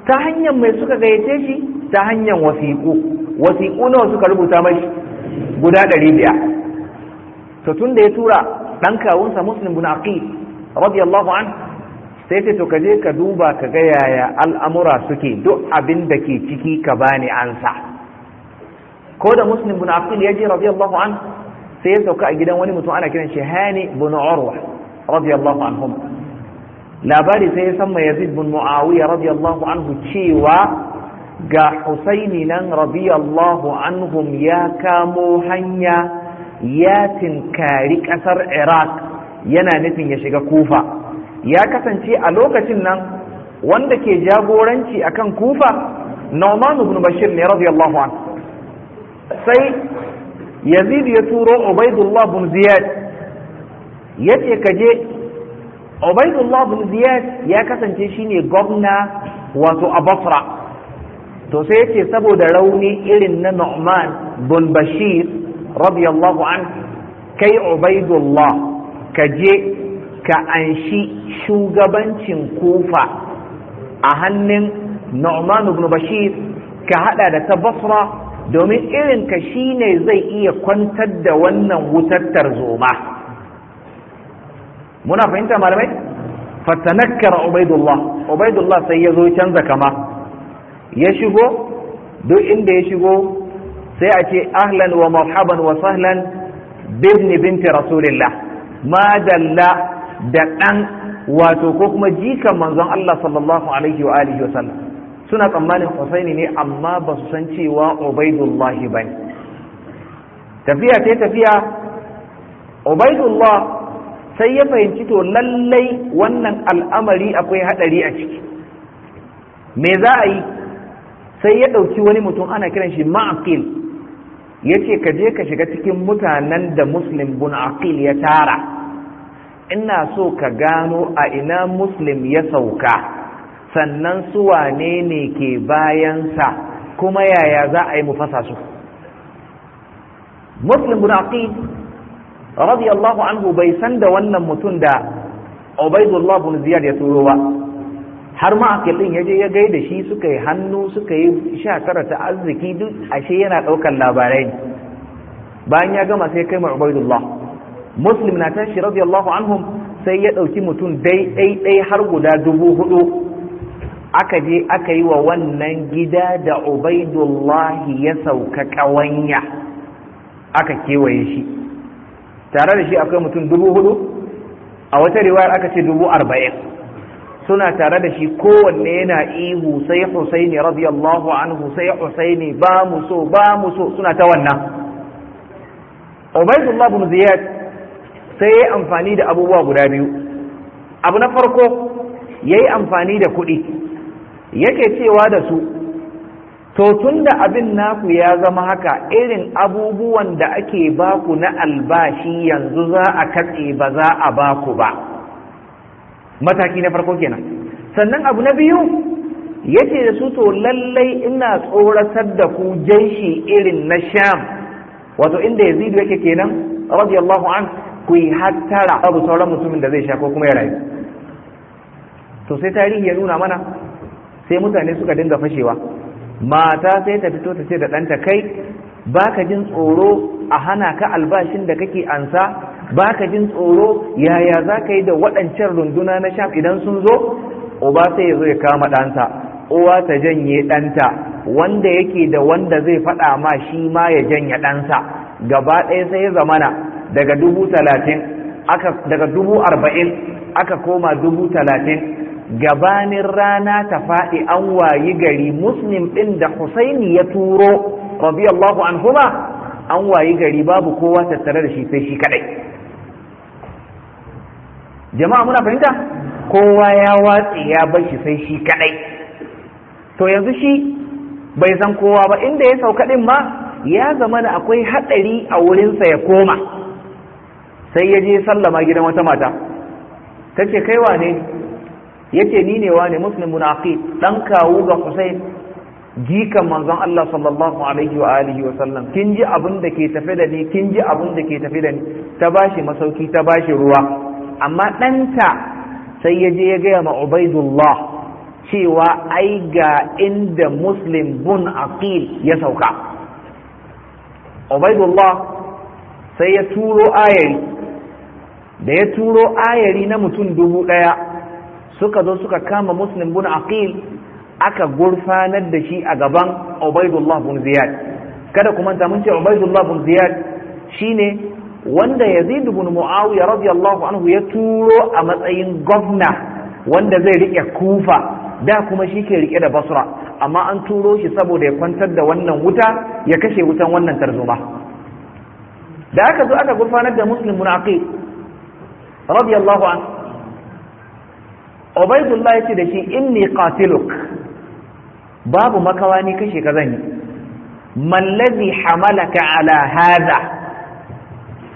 ta hanyar mai suka gayyace shi ta hanyar wasiƙu wasiƙu nawa suka rubuta mashi guda ɗari biyar to tun da ya tura ɗan kawunsa muslim bin aqil radiyallahu anhu sai ce to kaje ka duba ka ga yaya al'amura suke duk abin da ke ciki ka bani ansa ko da muslim bin afil ya je radiyallahu an sai ya sauka a gidan wani mutum ana kiran shi hani bin urwa radiyallahu anhum labari sai ya san mai yazid bin muawiya radiyallahu anhu cewa ga husaini nan radiyallahu anhum ya kamo hanya ya tinkari kasar iraq yana nufin ya shiga kufa ya kasance a lokacin nan wanda ke jagoranci akan kufa Nauman ibn Bashir ne radiyallahu an sai Yazid ya turo Ubaidullah bin Ziyad yace kaje Ubaidullah bin Ziyad ya kasance shine gwamna wato a Basra to sai yace saboda rauni irin na Nu'man bin Bashir radiyallahu an kai Ubaidullah kaje ka anshi shugabancin kufa a hannun nu'man ibn bashir ka hada da ta basra domin irin ka shine zai iya kwantar da wannan wutar tarzoma muna fahimta malamai fatanakkara ubaidullah ubaidullah sai ya zo canza kama ya shigo duk inda ya shigo sai a ce ahlan wa marhaban wa sahlan bibni binti rasulillah ma dalla da ɗan wato ko kuma jikan manzon Allah sallallahu alaihi wa alihi wa sallam suna tsammanin Husaini ne amma ba su san cewa Ubaidullah bane tafiya ta tafiya Ubaidullah sai ya fahimci to lallai wannan al'amari akwai hadari a ciki me za a yi sai ya ɗauki wani mutum ana kiran shi ma'aqil ya ce ka je ka shiga cikin mutanen da muslim bin aqil ya tara ina so ka gano a ina muslim ya sauka sannan su wane ne ke bayansa kuma yaya za a yi mufasa su muslim radiyallahu anhu bai san da wannan mutum da obaidullah bin ziyad ya turo ba har ma ɗin ya je ya gaida shi suka yi hannu suka yi sha tara ta arziki duk ashe yana ɗaukar labarai bayan ya gama sai kai ma obaidullah muslim na tashi radiyallahu anhum sai ya ɗauki mutum dai har guda dubu hudu aka je aka yi wa wannan gida da ubaidullahi ya sauka ƙawanya aka kewaye shi tare da shi akwai mutum dubu hudu a wata riwayar aka ce dubu arba'in suna tare da shi kowanne yana ihu sai husaini radiyallahu anhu sai husaini ba mu so ba mu so suna ta wannan ubaidullah bin ziyad sai ya yi amfani da abubuwa guda biyu abu na farko ya yi amfani da kuɗi yake cewa da su to tun da abin naku ya zama haka irin abubuwan da ake baku na albashi yanzu za a katse ba za a baku ba mataki na farko kenan sannan abu na biyu yace da su to lallai ina tsoratar da ku jaishi irin na sham wato inda yazidu yake kenan radiyallahu an ku yi hattara babu sauran mutumin da zai sha ko kuma ya rayu to sai tarihi ya nuna mana sai mutane suka dinga fashewa mata sai ta fito ta ce da ɗanta kai baka jin tsoro a hana ka albashin da kake ansa baka jin tsoro yaya za ka yi da waɗancan runduna na sham idan sun zo uba sai ya zo ya kama ɗansa uwa ta janye ɗanta wanda yake da wanda zai faɗa ma shi ma ya janye ɗansa gaba ɗaya sai ya zamana daga dubu talatin daga dubu arba'in aka koma dubu talatin gabanin rana ta faɗi an wayi gari muslim ɗin da husaini ya turo radiyallahu anhuma an wayi gari babu kowa tattare da shi sai shi kadai jama'a muna fahimta kowa ya watsi ya bar shi sai shi kaɗai to yanzu shi bai san kowa ba inda ya sauka ɗin ma ya zama da akwai haɗari a wurinsa ya koma sai ya je sallama gidan wata mata ta ce kai wane ya ce ni ne wane muslimun aqi dan kawo ga husain jikan manzon Allah sallallahu alaihi wa alihi wa sallam kin ji abin da ke tafe da ni kin ji abin da ke tafe da ni ta bashi masauki ta bashi ruwa amma ɗanta sai ya je ya gaya ma Ubaidullah cewa ai ga inda Muslim bun Aqil ya sauka Ubaidullah sai ya turo ayati da ya turo ayari na mutum dubu ɗaya suka zo suka kama muslim bin aqil aka gurfanar da shi a gaban ubaidullah bin ziyad kada kuma ta mun ce ubaidullah bin ziyad shine wanda yazid bin muawiya radiyallahu anhu ya turo a matsayin gwamna wanda zai riƙe kufa da kuma shi ke riƙe da basra amma an turo shi saboda ya kwantar da wannan wuta ya kashe wutan wannan tarzoma da aka zo aka gurfanar da muslim bin aqil radiyallahu an ubaidullah yace da shi inni qatiluk babu makawa ni kashe ka zan yi hamalaka ala hadha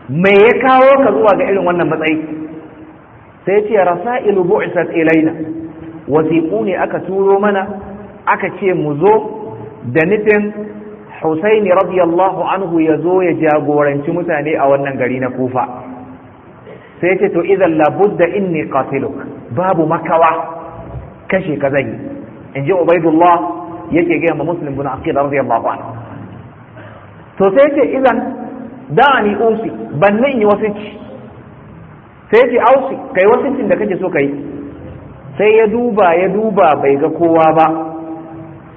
me ya kawo ka zuwa ga irin wannan matsayi sai ce rasailu bu'isat ilaina wasiqu ne aka turo mana aka ce mu zo da nufin Husaini radiyallahu anhu ya zo ya jagoranci mutane a wannan gari na Kufa sai ce to idan labudda inni qatiluk babu makawa kashe ka zai in ji ubaidullah yake gaya ma muslim bin aqil radiyallahu anhu to sai yace idan ni usi ban nan yi ci sai yace ausi kai cin da kake so kai sai ya duba ya duba bai ga kowa ba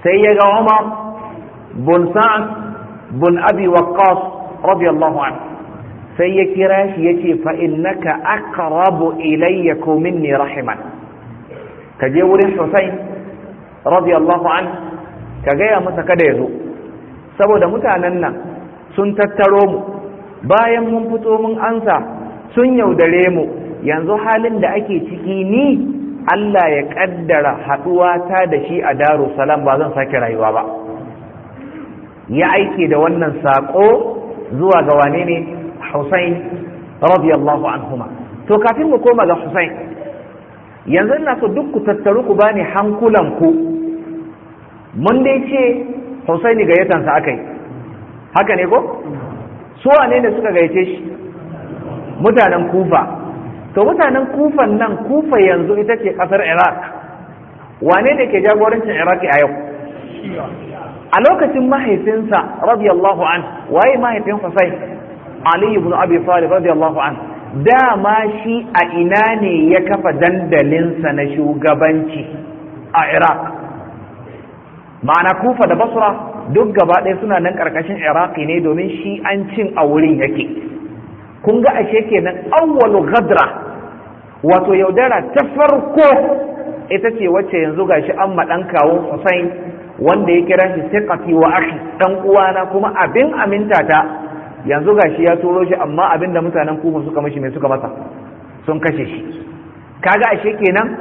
sai ya ga Umar bun Sa'ad bin Abi Waqqas radiyallahu anhu sai ya kira shi ya ce fa'innaka aqrabu ilayya komin ne rahiman ka je wurin rabi Allah an ka gaya masa kada ya zo saboda mutanen nan sun tattaro mu bayan mun fito mun ansa sun yaudare mu yanzu halin da ake ciki ni Allah ya kaddara haɗuwa ta da shi a daru salam ba zan sake rayuwa ba ya aiki da wannan saƙo zuwa ga wane ne Hussein radiyallahu anhuma to kafin mu koma ga Hussein yanzu ina so duk ku tattaru ku bani hankulan ku mun dai ce Hussein gayyatansa akai haka ne ko su wane ne suka gayyace shi mutanen Kufa to mutanen Kufan nan Kufa yanzu ita ce kasar Iraq wane ne ke jagorancin Iraq a yau a lokacin mahaifinsa radiyallahu an waye mahaifin Hussein Ali ibn Abi Talib radiyallahu anhu dama shi a ina ne ya kafa dandalinsa na shugabanci a Iraq ma'ana kufa da basra duk gaba ɗaya suna nan ƙarƙashin iraqi ne domin shi an cin a wurin yake kun ga ashe kenan awwalu ghadra wato yaudara ta farko ita ce wacce yanzu gashi an maɗan kawun Hussein wanda ya kira shi siqati wa akhi ɗan uwana kuma abin aminta ta yanzu gashi ya turo shi amma da mutanen kuma suka mashi mai suka masa sun kashe shi kaga ashe kenan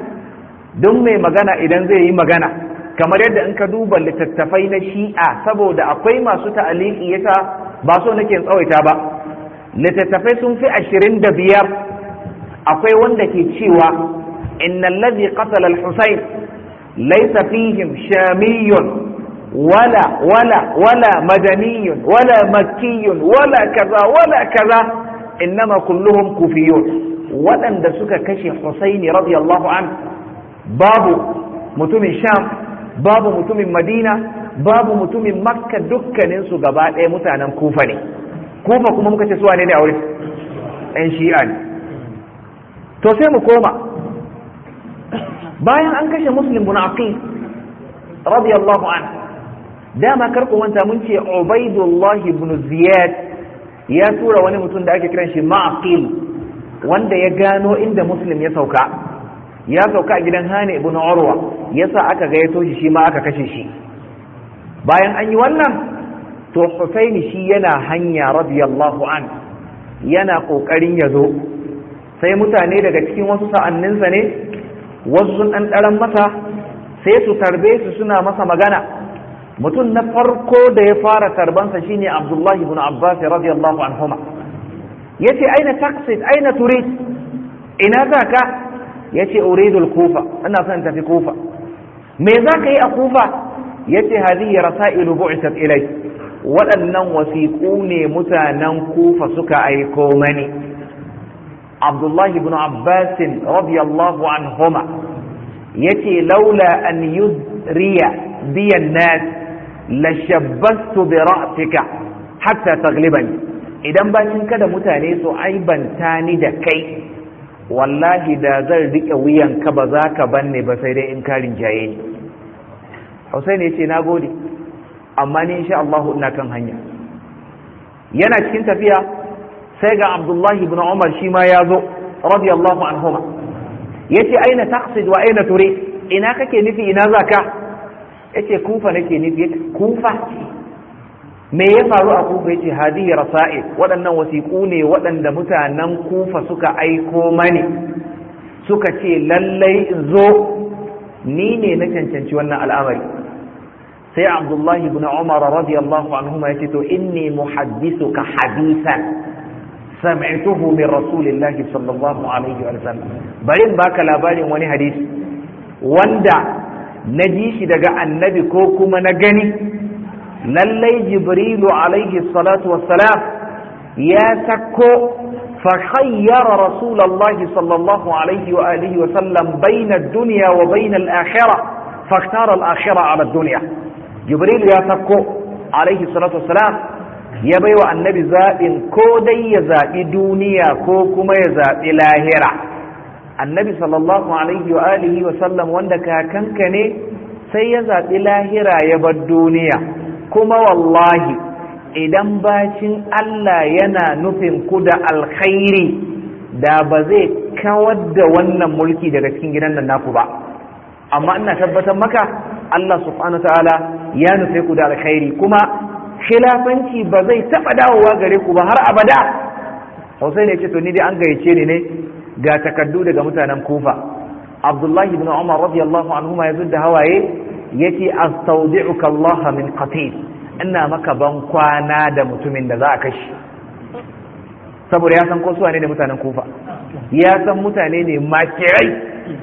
don mai magana idan zai yi magana kamar yadda in ka duba littattafai na shi'a saboda akwai masu ta'aliki yasa ba so nake tsawaita ba littattafai sun fi ashirin da biyar akwai wanda ke cewa innal ladhi qatala al-husayn laysa fihim wala wala wala madaniyun wala makkiyun wala kaza wala kaza innama kulluhum kufiyun waɗanda suka kashe husaini radiyallahu an babu mutumin sham babu mutumin madina babu mutumin makka dukkaninsu gaba ɗaya mutanen kufa ne kufa kuma muka ce suwa ne ne a wurin ɗan shi'a ne to sai mu koma bayan an kashe muslim bin aqil radiyallahu an dama kar ku manta mun ce Ubaidullah ibn Ziyad ya tura wani mutum da ake kiran shi Ma'qil wanda ya gano inda Muslim ya sauka ya sauka a gidan Hani ibn Urwa yasa aka gayyato shi shi ma aka kashe shi bayan an yi wannan to Husaini shi yana hanya radiyallahu an yana kokarin ya zo sai mutane daga cikin wasu sa'anninsa ne wasu sun ɗan masa sai su tarbe su suna masa magana mutum na farko da ya fara karbansa shine abdullahi ibn abbas radiyallahu anhuma yace aina taksit aina turid ina za ka yace uridul kufa ina son tafi kufa me za ka yi a kufa yace hadhihi rasailu bu'ithat ilai waɗannan wasiƙu ne mutanen kufa suka aiko mani abdullahi ibn abbas radiyallahu anhuma yace laula an yudriya biyan nas la shabbastu bi ra'sika hatta taghlibani idan ka kada mutane su aibanta ni da kai wallahi da zan rike wuyanka ba za ka banne ba sai dai in ka rinjaye ni Hussein ya ce na gode amma ni insha Allah ina kan hanya yana cikin tafiya sai ga Abdullahi ibn Umar shi ma ya zo radiyallahu anhuma yace aina taqsid wa aina turi ina kake nufi ina zaka yace kufa nake nufi kufa me ya faru a kufa yace hadiyar rasa'i waɗannan wasiƙu ne waɗanda mutanen kufa suka aiko mani suka ce lallai zo ni ne na cancanci wannan al'amari sai abdullahi ibn umar radiyallahu ya ce to inni ka hadisa sami'tuhu min rasulillahi sallallahu alaihi wa sallam bari in baka labarin wani hadisi wanda na ji shi daga annabi ko kuma na gani lallai jibrilu alaihi salatu wassalam ya sako فخير رسول الله صلى الله عليه وآله وسلم بين الدنيا وبين الآخرة فاختار الآخرة على الدنيا جبريل يتكو عليه الصلاة والسلام يبيو النبي زائن كودي يزائي دنيا كوكما يزائي لاهرة annabi sallallahu alaihi wa alihi wa sallam wanda kakanka ne sai ya zaɓi lahira ya bar duniya kuma wallahi idan bacin Allah yana nufin ku da alkhairi da ba zai kawar da wannan mulki daga cikin gidan nan naku ba amma ina tabbatar maka Allah subhanahu ta'ala ya nufe ku da alkhairi kuma khilafanci ba zai taɓa dawowa gare ku ba har abada hausai ya ce to ni dai an gayyace ni ne ga takaddu daga mutanen kufa abdullahi ibn umar radiyallahu anhuma ya da hawaye yace astaudi'uka allah min qatil ina maka ban kwana da mutumin da za a kashi saboda ya san kosuwa ne da mutanen kufa ya san mutane ne makirai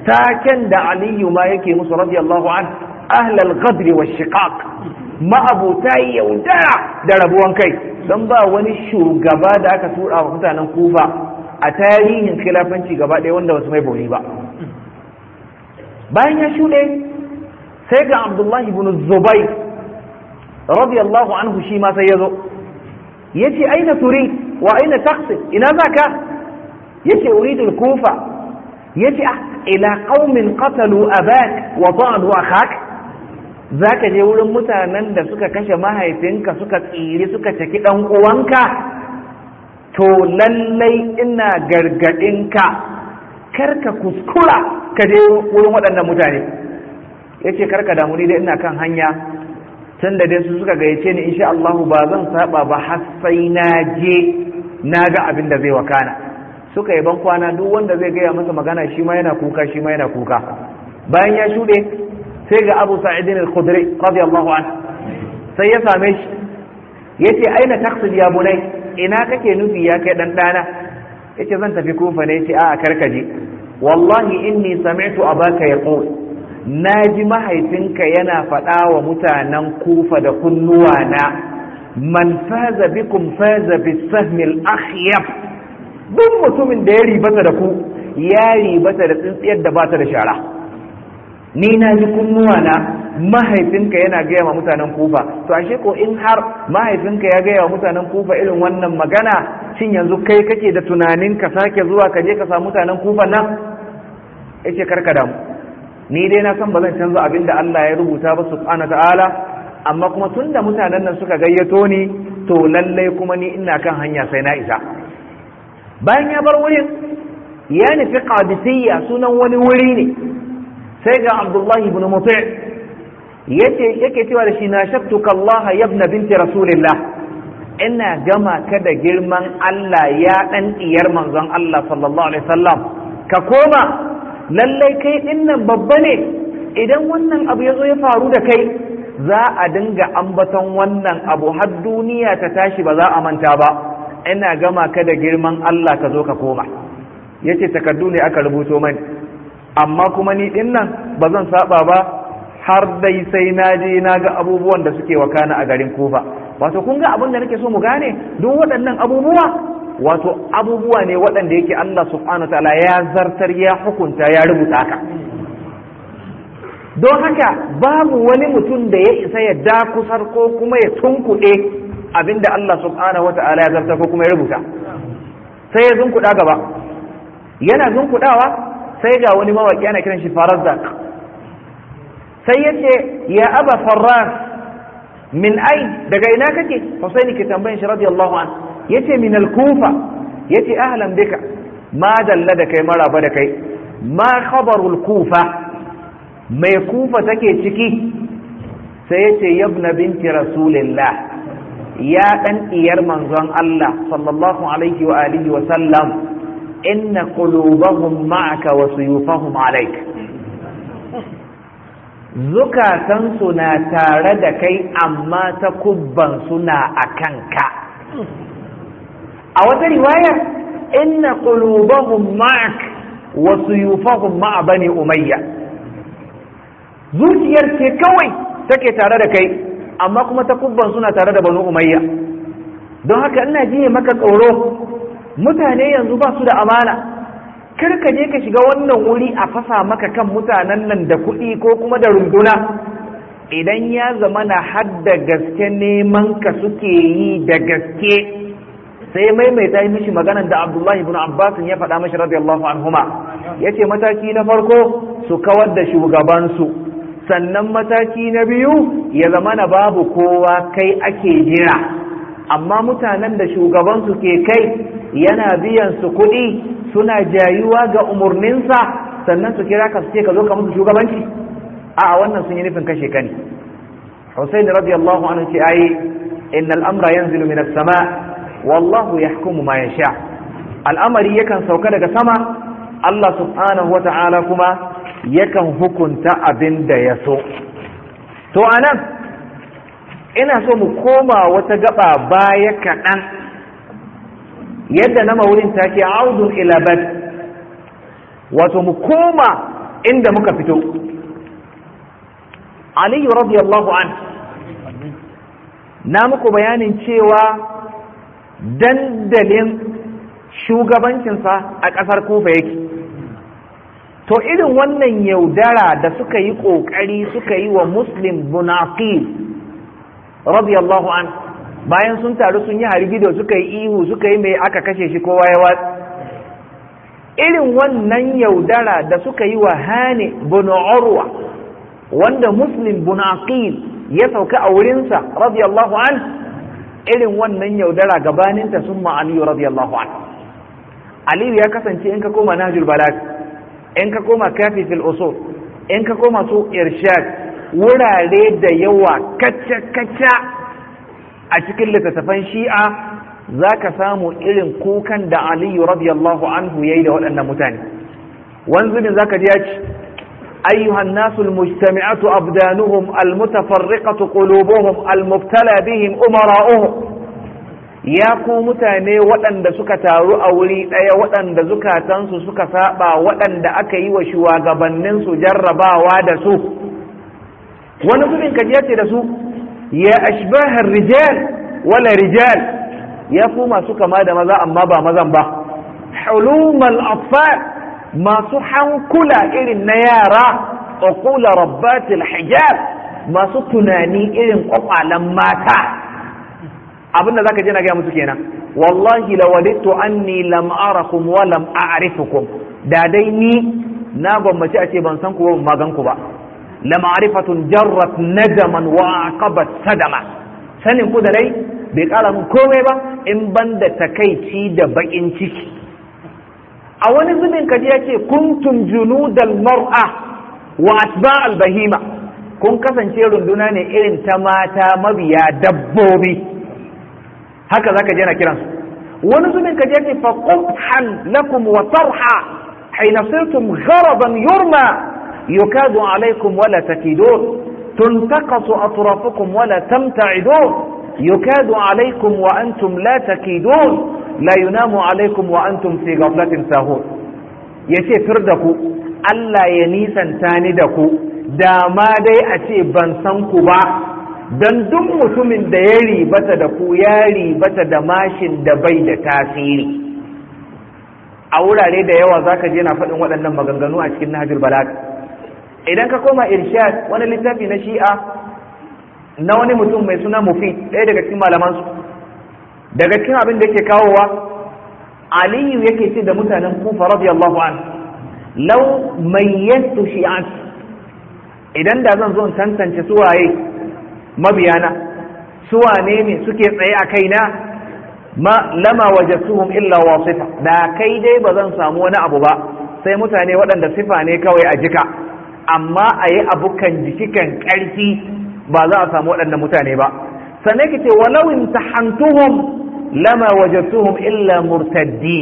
taken da aliyu ma yake musu radiyallahu an ahlal qadri wa shiqaq ma'abuta yaudara da rabuwan kai don ba wani shugaba da aka tura wa mutanen kufa a tarihin khilafanci gaba ɗaya wanda wasu mai bori ba bayan ya shuɗe sai ga abdullahi ibn zubai radiyallahu anhu shi ma sai ya zo ya ce aina turi wa aina taksi ina za ka ya ce uridul kufa ya ce ah, ila qaumin qatalu abak wa ta'adu akhak za ka je wurin mutanen da suka kashe mahaifinka suka tsiri suka caki ɗan uwanka to lallai ina gargaɗinka karka kuskura ka je wurin waɗannan mutane ya ce karka damu ni dai ina kan hanya tun da dai su suka gayyace ni insha Allahu ba zan saba ba har sai na je na ga abin da zai wakana suka yi ban kwana duk wanda zai gaya masa magana shi ma yana kuka shi ma yana kuka bayan ya shuɗe sai ga Abu Sa'id al-Khudri radiyallahu anhu sai ya same shi yace aina taqsid ya bunai ina kake nufi ya kai dan dana yace zan tafi kufa ne yace a karkaje wallahi inni sami'tu abaka yaqul naji mahaifinka yana faɗa wa mutanen kufa da kunnuwa na man faza bikum faza bisahmi al-akhyab duk mutumin da ya ribata da ku ya ribata da tsintsiyar da bata da shara ni na ji kunnuwa na mahaifinka yana gaya wa mutanen kufa to ashe ko in har mahaifinka ya gaya wa mutanen kufa irin wannan magana shin yanzu kai kake da tunanin ka sake zuwa ka je ka samu mutanen kufa nan yake karka damu ni dai na san ba zan canza abin da Allah ya rubuta ba subhanahu ta'ala amma kuma tun da mutanen nan suka gayyato ni to lallai kuma ni ina kan hanya sai na isa bayan ya bar wurin ya nufi qadisiyya sunan wani wuri ne sai ga abdullahi ibn mutai yace yake cewa da shi na shaktuka Allah Yabna binti rasulillah ina gama ka da girman Allah ya dan diyar manzon Allah sallallahu alaihi wasallam ka koma lallai kai ɗinnan babba ne idan wannan abu ya zo ya faru da kai za a dinga ambaton wannan abu har duniya ta tashi ba za a manta ba ina gama ka da girman Allah ka zo ka koma yace takardu ne aka rubuto mani amma kuma ni din nan ba zan saba ba har dai sai na je na ga abubuwan da suke wakana a garin kufa wato kun ga abin da nake so mu gane duk waɗannan abubuwa wato abubuwa ne waɗanda yake Allah subhanahu ta'ala ya zartar ya hukunta ya rubuta ka don haka babu wani mutum da ya isa ya dakusar ko kuma ya tunkuɗe abinda Allah subhanahu wa ta'ala ya zartar ko kuma ya rubuta sai ya zunkuɗa gaba yana zunkuɗawa sai ga wani mawaki ana kiran shi farazak sai yace ya aba farras min ai daga ina kake ni ke tambayin shi radiyallahu an yace min al-kufa yace ahlan bika ma dalla da kai maraba da kai ma khabarul kufa mai kufa take ciki sai yace yabna binti rasulillah ya dan iyar manzon Allah sallallahu alaihi wa alihi wa sallam inna qulubahum ma'aka wa suyufahum alaik zukatansu na tare da kai amma ta kubban suna a kanka a wata riwaya inna qulubahum ma'ak wa suyufahum ma'a bani umayya zuciyar ce kawai take tare da kai amma kuma ta kubban suna tare da bani umayya don haka ina jiye maka tsoro mutane yanzu ba su da amana kar ka je ka shiga wannan wuri a fasa maka kan mutanen nan da kuɗi ko kuma da runduna idan ya zama na hadda gaske neman ka suke yi da gaske sai maimaita yi mishi maganar da abdullahi ibn abbas ya faɗa mashi radiyallahu anhuma ya ce mataki na farko su kawar da shugabansu sannan mataki na biyu ya zama na babu kowa kai ake jira amma mutanen da shugabansu ke kai yana biyan su kuɗi suna jayuwa ga umarninsa sannan su kira ka ce ka zo ka musu shugabanci a wannan sun yi nufin kashe ka ne Hussein radiyallahu anhu ce ayi inna al'amra yanzilu min as-sama wallahu yahkumu ma yasha al'amari yakan sauka daga sama Allah subhanahu wa ta'ala kuma yakan hukunta abin da ya so to anan ina so mu koma wata gaba baya kaɗan yadda na maurin ke audun ilabat wato mu koma inda muka fito aliyu radiyallahu an na muku bayanin cewa dandalin shugabancinsa a ƙasar kufa yake to irin wannan yaudara da suka yi ƙoƙari suka yi wa muslim bunaqil radiyallahu an bayan sun taru sun yi hargido suka yi ihu suka yi mai aka kashe shi kowa ya watsi irin wannan yaudara da suka yi wa Hani bin urwa wanda muslim bin aqil ya sauka a wurinsa radiyallahu an irin wannan yaudara gabaninta sun ma'aliyu radiyallahu an aliyu ya kasance in ka koma nahjul balad in ka koma kafi fil usul in ka koma su irshad wurare da yawa kacce-kacce a cikin littattafan shi'a za ka samu irin kukan da aliyu radiyallahu anhu ya yi da waɗannan mutane Wanzu ne za ka ji ya ce ayyuhan nasu almujtami'atu abdanuhum almutafarriqatu qulubuhum almubtala bihim umara'uhum ya ku mutane waɗanda suka taru a wuri ɗaya waɗanda zukatansu suka saba waɗanda aka yi wa shugabanninsu jarrabawa da su wani zubin ka ce da su ya ashbahar rijal wala rijal ya ku masu kama da maza amma ba mazan ba hulumal afar masu hankula irin na yara kula rabbatil hijab masu tunani irin kwakwalan mata abinda zaka je na gaya musu kenan wallahi lawalittu anni lam arakum wa lam a'rifukum da dai ni na gwammace a ce ban san ku ba ban magan ku ba na jarrat nadaman wa aqabat sadama sanin ku da bai kara mun ba in banda takaici da bakin ciki a wani zubin kaji yace kuntum junudal mar'a wa asba'al bahima kun kasance runduna ne irin ta mata mabiya dabbobi haka zaka je na kiransu wani zubin kaji yace fa qubhan lakum wa tarha حين صرتم غرضا يرمى يكاد عليكم ولا تكيدون تنتقص أطرافكم ولا تمتعدون يكاد عليكم وأنتم لا تكيدون لا ينام عليكم وأنتم في غفلة ساهون yace fir da ku Allah ya nisanta ni da ku da ma dai a ce ban san ku ba don duk mutumin da ya ribata da ku ya ribata da mashin da bai da tasiri a wurare da yawa zaka je na faɗin waɗannan maganganu a cikin nahjul balad idan ka koma irshad wani littafi na shi'a na wani mutum mai suna mufi ɗaya daga cikin malamansu daga cikin abin da yake kawowa aliyu yake ce da mutanen kufa radiyallahu an lau mai mayyantu shi'an idan da zan zo in tantance suwaye mabiyana suwane ne suke tsaye a kai na? ma lama wajatuhum illa wasifa da kai dai ba zan samu wani abu ba sai mutane waɗanda sifa ne kawai a jika amma a yi abu kan jiki kan ƙarfi ba za a samu waɗannan mutane ba sannan ka ce walau imtahantuhum lama wajadtuhum illa murtaddi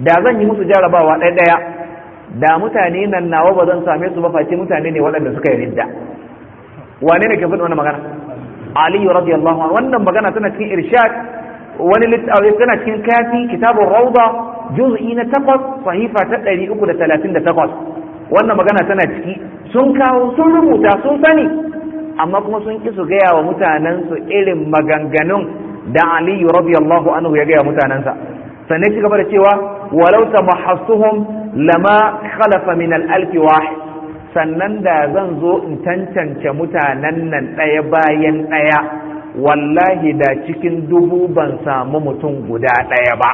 da zan yi musu jarabawa ɗaya ɗaya da mutane nan nawa ba zan same su ba face mutane ne waɗanda suka yi ridda wane ne ke faɗi wannan magana ali radiyallahu anhu wannan magana tana cikin irshad wani littafi tana cikin kafi kitabun rawda juz'i na takwas sahifa ta ɗari uku da talatin da takwas wannan magana tana ciki sun kawo sun rubuta sun sani amma kuma sun ƙi su gaya wa mutanensu irin maganganun da aliyu radiyallahu anhu ya gaya mutanensa sannan shi gaba da cewa walau tamahassuhum lama khalafa min al sannan da zan zo in tantance mutanen nan ɗaya bayan ɗaya wallahi da cikin dubu ban samu mutum guda ɗaya ba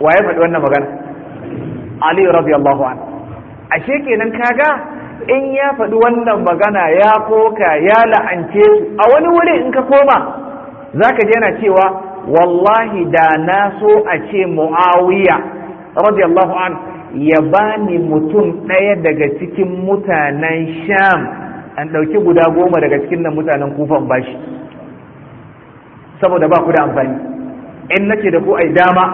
waye faɗi wannan magana ali radiyallahu an ashe kenan kaga in ya faɗi wannan magana ya koka ya la'ance su a wani wuri in ka koma zaka je yana cewa wallahi da na so a ce muawiya radiyallahu an ya bani mutum ɗaya daga cikin mutanen sham an ɗauki guda goma daga cikin nan mutanen kufan bashi saboda ba ku da amfani in nace da ku ai dama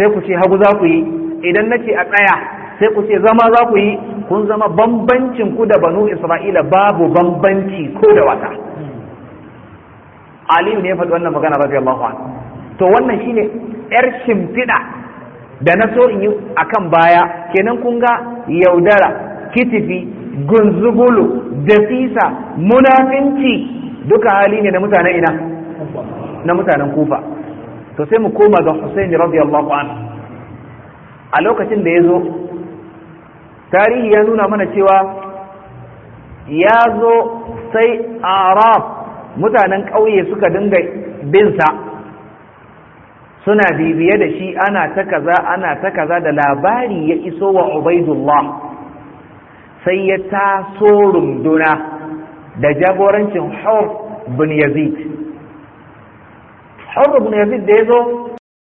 sai ku ce hagu za ku yi idan nace a tsaya sai ku ce zama za ku yi kun zama bambancin ku da banu isra'ila babu bambanci ko da wata aliyu ne ya faɗi wannan magana radiyallahu anhu to wannan shine yar shimfiɗa da na so in yi akan baya kenan kun ga yaudara kitifi gunzugulu dafisa munafinci duka hali ne na mutanen ina na mutanen kufa to sai mu koma ga husaini radiyallahu anhu a lokacin da ya zo tarihi ya nuna mana cewa ya zo sai arab mutanen ƙauye suka dinga binsa suna bibiye da shi ana ta kaza ana ta kaza da labari ya iso wa ubaidullah sai ya taso runduna da jagorancin hur bin yazid hur bin yazid da ya zo